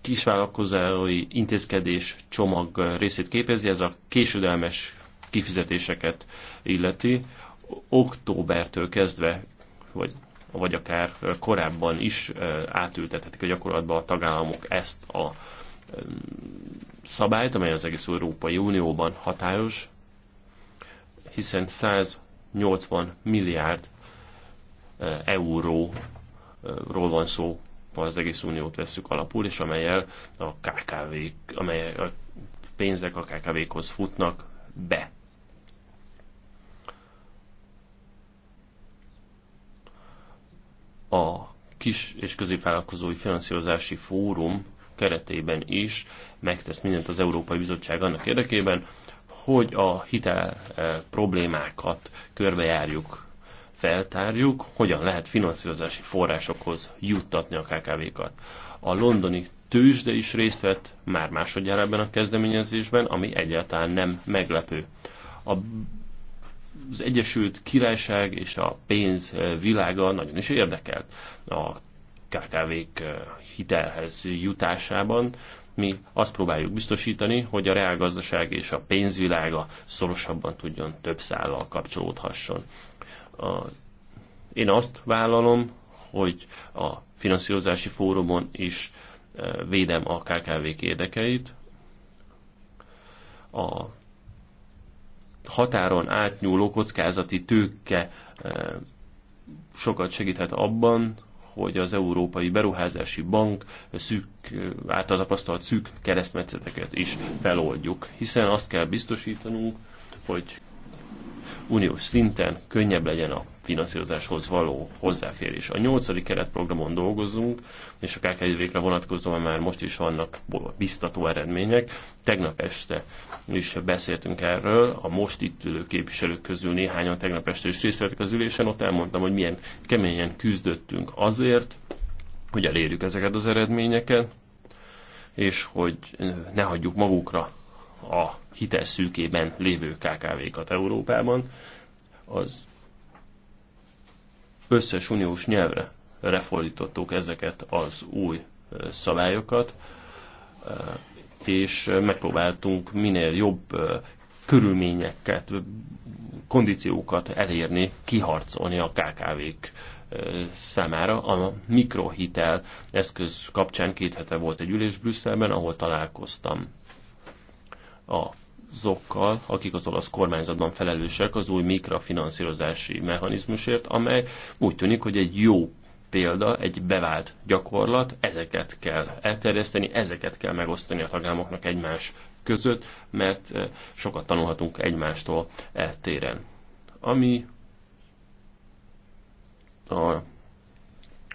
kisvállalkozói intézkedés csomag részét képezi, ez a késődelmes kifizetéseket illeti. Októbertől kezdve, vagy, vagy akár korábban is átültethetik a gyakorlatba a tagállamok ezt a szabályt, amely az egész Európai Unióban hatályos, hiszen 100 80 milliárd eh, euróról van szó, ha az egész uniót vesszük alapul, és amelyel a kkv amely a pénzek a KKV-khoz futnak be. A kis és középvállalkozói finanszírozási fórum keretében is megtesz mindent az Európai Bizottság annak érdekében, hogy a hitel eh, problémákat körbejárjuk, feltárjuk, hogyan lehet finanszírozási forrásokhoz juttatni a KKV-kat. A londoni tőzsde is részt vett már másodjára ebben a kezdeményezésben, ami egyáltalán nem meglepő. A, az Egyesült Királyság és a pénz eh, világa nagyon is érdekelt a KKV-k eh, hitelhez jutásában, mi azt próbáljuk biztosítani, hogy a reálgazdaság és a pénzvilága szorosabban tudjon több szállal kapcsolódhasson. A, én azt vállalom, hogy a finanszírozási fórumon is e, védem a KKV-k érdekeit. A határon átnyúló kockázati tőke e, sokat segíthet abban, hogy az Európai Beruházási Bank szűk, által tapasztalt szűk keresztmetszeteket is feloldjuk, hiszen azt kell biztosítanunk, hogy uniós szinten könnyebb legyen a finanszírozáshoz való hozzáférés. A nyolcadik keretprogramon dolgozunk, és a KKV-kre vonatkozóan már most is vannak biztató eredmények. Tegnap este is beszéltünk erről, a most itt ülő képviselők közül néhányan tegnap este is részt vettek az ülésen, ott elmondtam, hogy milyen keményen küzdöttünk azért, hogy elérjük ezeket az eredményeket, és hogy ne hagyjuk magukra a hitel szűkében lévő KKV-kat Európában. Az összes uniós nyelvre lefordítottuk ezeket az új szabályokat, és megpróbáltunk minél jobb körülményeket, kondíciókat elérni, kiharcolni a KKV-k számára. A mikrohitel eszköz kapcsán két hete volt egy ülés Brüsszelben, ahol találkoztam a azokkal, akik az olasz kormányzatban felelősek az új mikrofinanszírozási mechanizmusért, amely úgy tűnik, hogy egy jó példa, egy bevált gyakorlat, ezeket kell elterjeszteni, ezeket kell megosztani a tagállamoknak egymás között, mert eh, sokat tanulhatunk egymástól eltéren. Ami a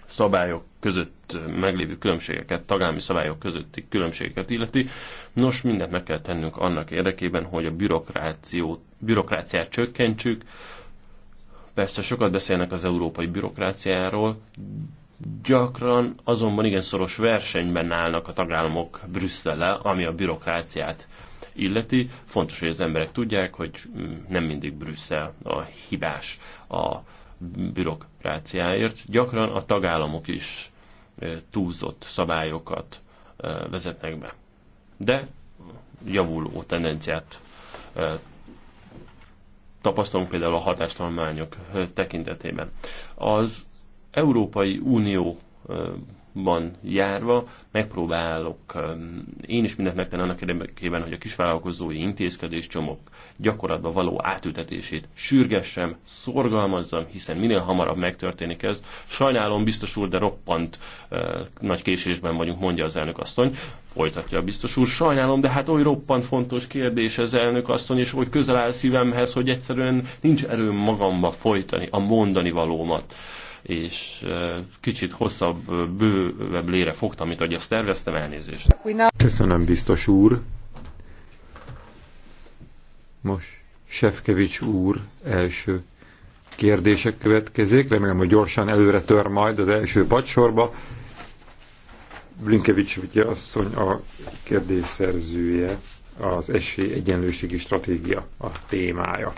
szabályok között meglévő különbségeket, tagállami szabályok közötti különbségeket illeti. Nos, mindent meg kell tennünk annak érdekében, hogy a bürokrációt, bürokráciát csökkentsük. Persze sokat beszélnek az európai bürokráciáról, gyakran azonban igen szoros versenyben állnak a tagállamok Brüsszele, ami a bürokráciát illeti. Fontos, hogy az emberek tudják, hogy nem mindig Brüsszel a hibás a bürokráciáért. Gyakran a tagállamok is túlzott szabályokat vezetnek be. De javuló tendenciát tapasztalunk például a hatástalmányok tekintetében. Az Európai Unió van járva, megpróbálok én is mindent megtenni annak érdekében, hogy a kisvállalkozói intézkedés csomag gyakorlatba való átültetését sürgessem, szorgalmazzam, hiszen minél hamarabb megtörténik ez. Sajnálom, biztos úr, de roppant ö, nagy késésben vagyunk, mondja az elnök asszony. Folytatja a biztos úr, sajnálom, de hát oly roppant fontos kérdés ez elnök asszony, és oly közel áll szívemhez, hogy egyszerűen nincs erőm magamba folytani a mondani valómat és kicsit hosszabb, bővebb lére fogtam, mint ahogy azt terveztem, elnézést. Köszönöm, biztos úr. Most Sefkevics úr első kérdések következik. Remélem, hogy gyorsan előre tör majd az első padsorba. Blinkevics ugye asszony a kérdés szerzője, az esély egyenlőségi stratégia a témája.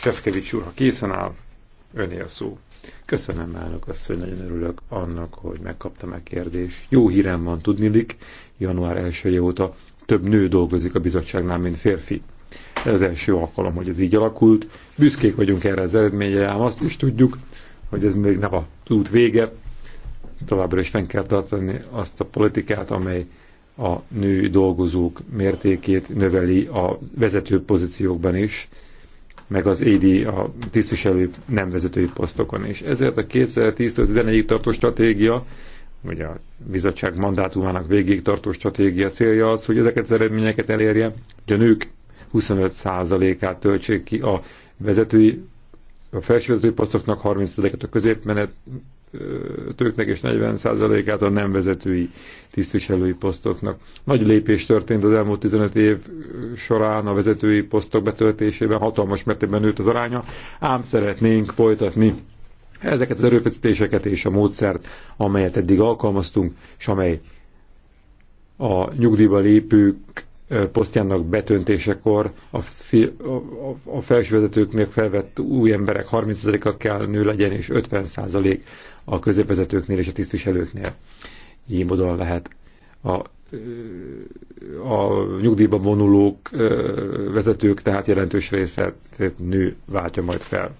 Sefkevics úr, ha készen áll, önél szó. Köszönöm, elnök asszony, nagyon örülök annak, hogy megkaptam a -e kérdést. Jó hírem van, tudnilik, január 1 -e óta több nő dolgozik a bizottságnál, mint férfi. Ez az első alkalom, hogy ez így alakult. Büszkék vagyunk erre az eredményre, ám azt is tudjuk, hogy ez még nem a út vége. Továbbra is fenn kell tartani azt a politikát, amely a nő dolgozók mértékét növeli a vezető pozíciókban is, meg az édi a tisztviselő nem vezetői posztokon is. Ezért a 2010-14-ig tartó stratégia, vagy a bizottság mandátumának végig tartó stratégia célja az, hogy ezeket az eredményeket elérje, hogy a nők 25%-át töltsék ki a vezetői, a felsővezetői posztoknak, 30%-át a középmenet tőknek és 40%-át a nem vezetői tisztviselői posztoknak. Nagy lépés történt az elmúlt 15 év során a vezetői posztok betöltésében, hatalmas mértékben nőtt az aránya, ám szeretnénk folytatni ezeket az erőfeszítéseket és a módszert, amelyet eddig alkalmaztunk, és amely a nyugdíjba lépők posztjának betöntésekor a, fi, a, a még felvett új emberek 30%-a kell nő legyen, és 50% a középvezetőknél és a tisztviselőknél. Így módon lehet a, a nyugdíjban vonulók vezetők, tehát jelentős részét nő váltja majd fel.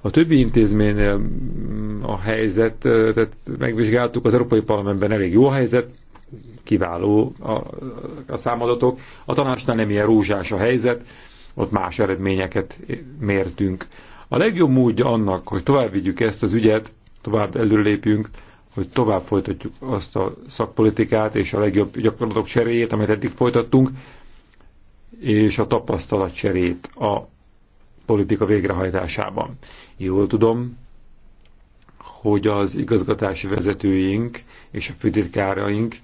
A többi intézmény mm, a helyzetet megvizsgáltuk, az Európai Parlamentben elég jó a helyzet, kiváló a, a számadatok. A tanácsnál nem ilyen rózsás a helyzet, ott más eredményeket mértünk. A legjobb módja annak, hogy tovább vigyük ezt az ügyet, tovább előlépjünk, hogy tovább folytatjuk azt a szakpolitikát és a legjobb gyakorlatok cseréjét, amit eddig folytattunk, és a tapasztalat cserét a politika végrehajtásában. Jól tudom, hogy az igazgatási vezetőink és a főtitkáraink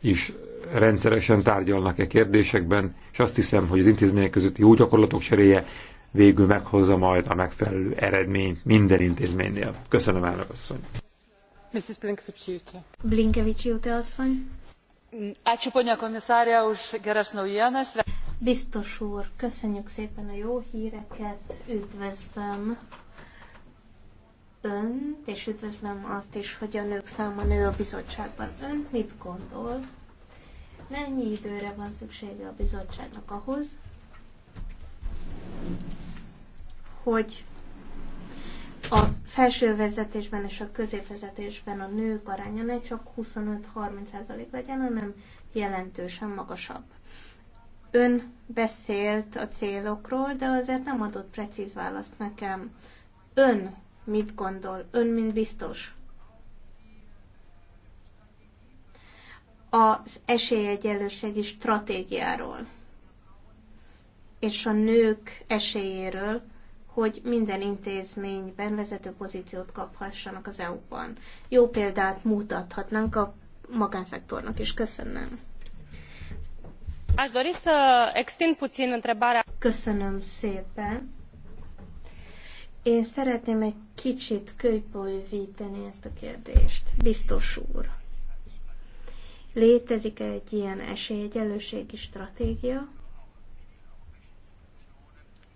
is rendszeresen tárgyalnak e kérdésekben, és azt hiszem, hogy az intézmények közötti jó gyakorlatok cseréje végül meghozza majd a megfelelő eredményt minden intézménynél. Köszönöm, elnök asszony! Mrs. Blinkevičiūtė asszony. Ačiū, ponia komisárja, už geras Biztos úr, köszönjük szépen a jó híreket, üdvözlöm önt, és üdvözlöm azt is, hogy a nők száma nő a bizottságban. Ön mit gondol? Mennyi időre van szüksége a bizottságnak ahhoz, hogy a felső vezetésben és a középvezetésben a nők aránya ne csak 25-30% legyen, hanem jelentősen magasabb. Ön beszélt a célokról, de azért nem adott precíz választ nekem. Ön mit gondol ön, mint biztos? Az esélyegyenlőségi stratégiáról és a nők esélyéről, hogy minden intézményben vezető pozíciót kaphassanak az EU-ban. Jó példát mutathatnánk a magánszektornak is. Köszönöm. Aș dori să extind puțin întrebarea. Köszönöm szépen én szeretném egy kicsit kölybővíteni ezt a kérdést. Biztos úr. Létezik -e egy ilyen esélyegyelőségi stratégia?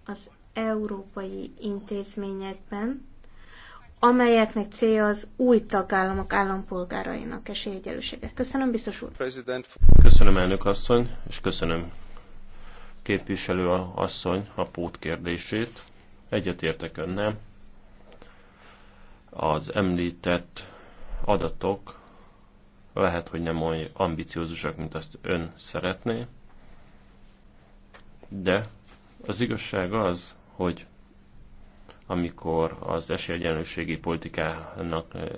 Az európai intézményekben, amelyeknek célja az új tagállamok állampolgárainak esélyegyelősége. Köszönöm, biztos úr. Köszönöm, elnök asszony, és köszönöm képviselő asszony a kérdését. Egyetértek önne. Az említett adatok lehet, hogy nem olyan ambiciózusak, mint azt ön szeretné, de az igazság az, hogy amikor az esélyegyenlőségi politikának eh,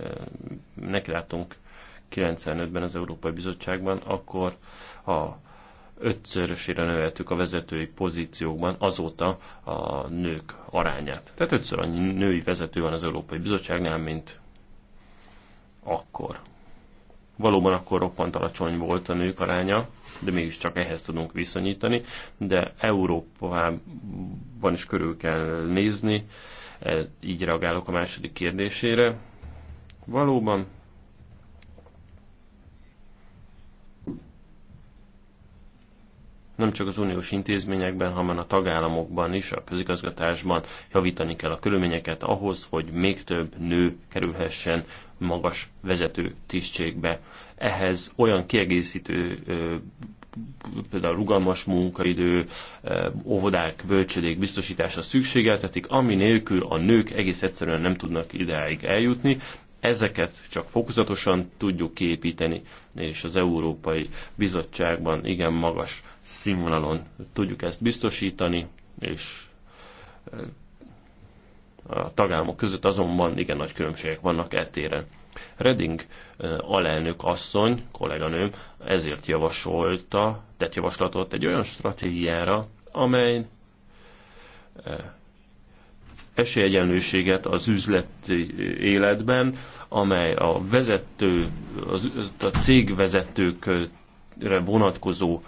nekiláttunk 95-ben az Európai Bizottságban, akkor a ötszörösére növeltük a vezetői pozíciókban azóta a nők arányát. Tehát ötször annyi női vezető van az Európai Bizottságnál, mint akkor. Valóban akkor roppant alacsony volt a nők aránya, de mégiscsak ehhez tudunk viszonyítani, de Európában is körül kell nézni, e, így reagálok a második kérdésére. Valóban nem csak az uniós intézményekben, hanem a tagállamokban is, a közigazgatásban javítani kell a körülményeket ahhoz, hogy még több nő kerülhessen magas vezető tisztségbe. Ehhez olyan kiegészítő például rugalmas munkaidő, óvodák, bölcsödék biztosítása szükségeltetik, ami nélkül a nők egész egyszerűen nem tudnak ideáig eljutni, Ezeket csak fokozatosan tudjuk kiépíteni, és az Európai Bizottságban igen magas színvonalon tudjuk ezt biztosítani, és a tagállamok között azonban igen nagy különbségek vannak ettéren. Reding alelnök asszony, kolléganőm, ezért javasolta, tett javaslatot egy olyan stratégiára, amely esélyegyenlőséget az üzleti életben, amely a vezető, az, a cégvezetőkre vonatkozó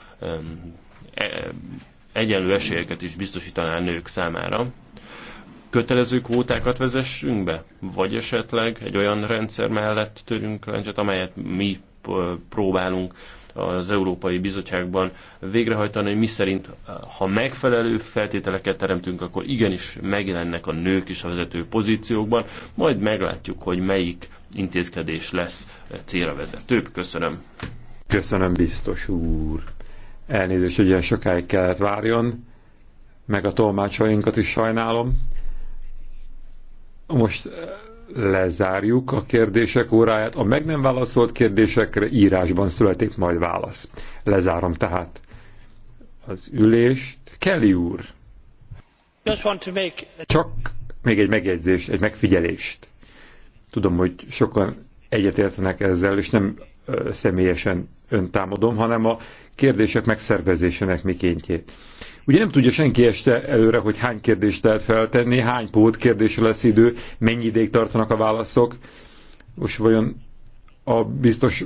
e, egyenlő esélyeket is biztosítaná a nők számára. Kötelező kvótákat vezessünk be? Vagy esetleg egy olyan rendszer mellett törünk lencset, amelyet mi próbálunk az Európai Bizottságban végrehajtani, mi szerint, ha megfelelő feltételeket teremtünk, akkor igenis megjelennek a nők is a vezető pozíciókban, majd meglátjuk, hogy melyik intézkedés lesz célra vezetőbb. Köszönöm. Köszönöm, biztos úr. Elnézést, hogy ilyen sokáig kellett várjon, meg a tolmácsainkat is sajnálom. Most lezárjuk a kérdések óráját. A meg nem válaszolt kérdésekre írásban születik majd válasz. Lezárom tehát az ülést. Kelly úr! Csak még egy megjegyzést, egy megfigyelést. Tudom, hogy sokan egyetértenek ezzel, és nem személyesen öntámadom, hanem a kérdések megszervezésének mikéntjét. Ugye nem tudja senki este előre, hogy hány kérdést lehet feltenni, hány pót kérdésre lesz idő, mennyi ideig tartanak a válaszok. Most vajon a biztos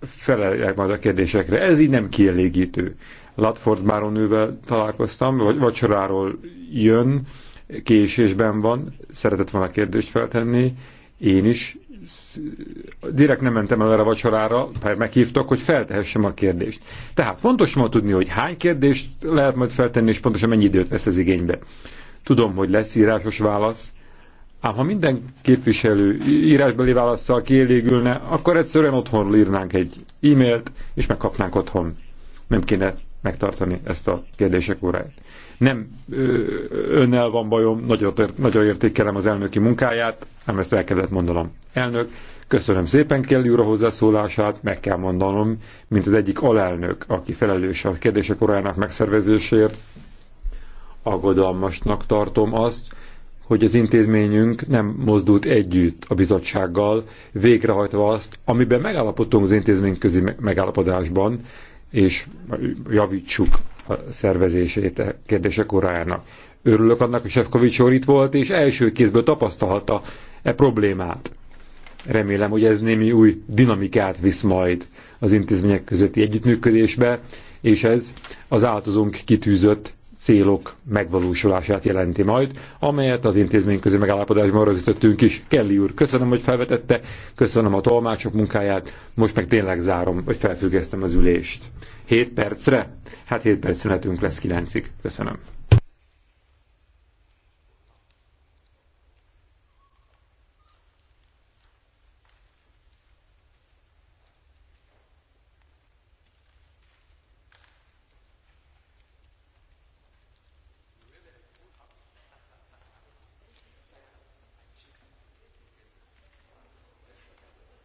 felelják majd a kérdésekre. Ez így nem kielégítő. Latford Báronővel találkoztam, vagy vacsoráról jön, késésben van, szeretett volna kérdést feltenni, én is direkt nem mentem el erre a vacsorára, mert meghívtak, hogy feltehessem a kérdést. Tehát fontos ma tudni, hogy hány kérdést lehet majd feltenni, és pontosan mennyi időt vesz ez igénybe. Tudom, hogy lesz írásos válasz, ám ha minden képviselő írásbeli válaszsal kielégülne, akkor egyszerűen otthon írnánk egy e-mailt, és megkapnánk otthon. Nem kéne megtartani ezt a kérdések óráját. Nem önnel van bajom, nagyon, nagyon értékelem az elnöki munkáját, ám ezt el kellett mondanom. Elnök, köszönöm szépen Kelly úr a hozzászólását, meg kell mondanom, mint az egyik alelnök, aki felelős a kérdések orrának megszervezésért, aggodalmasnak tartom azt, hogy az intézményünk nem mozdult együtt a bizottsággal, végrehajtva azt, amiben megállapodtunk az intézményközi megállapodásban, és javítsuk a szervezését a e kérdések orrának. Örülök annak, hogy Sefkovics úr itt volt, és első kézből tapasztalhatta e problémát. Remélem, hogy ez némi új dinamikát visz majd az intézmények közötti együttműködésbe, és ez az áltozónk kitűzött célok megvalósulását jelenti majd, amelyet az intézmény közé megállapodásban rögzítettünk is. Kelly úr, köszönöm, hogy felvetette, köszönöm a tolmácsok munkáját, most meg tényleg zárom, hogy felfüggesztem az ülést. 7 percre? Hát 7 perc szünetünk lesz 9-ig. Köszönöm.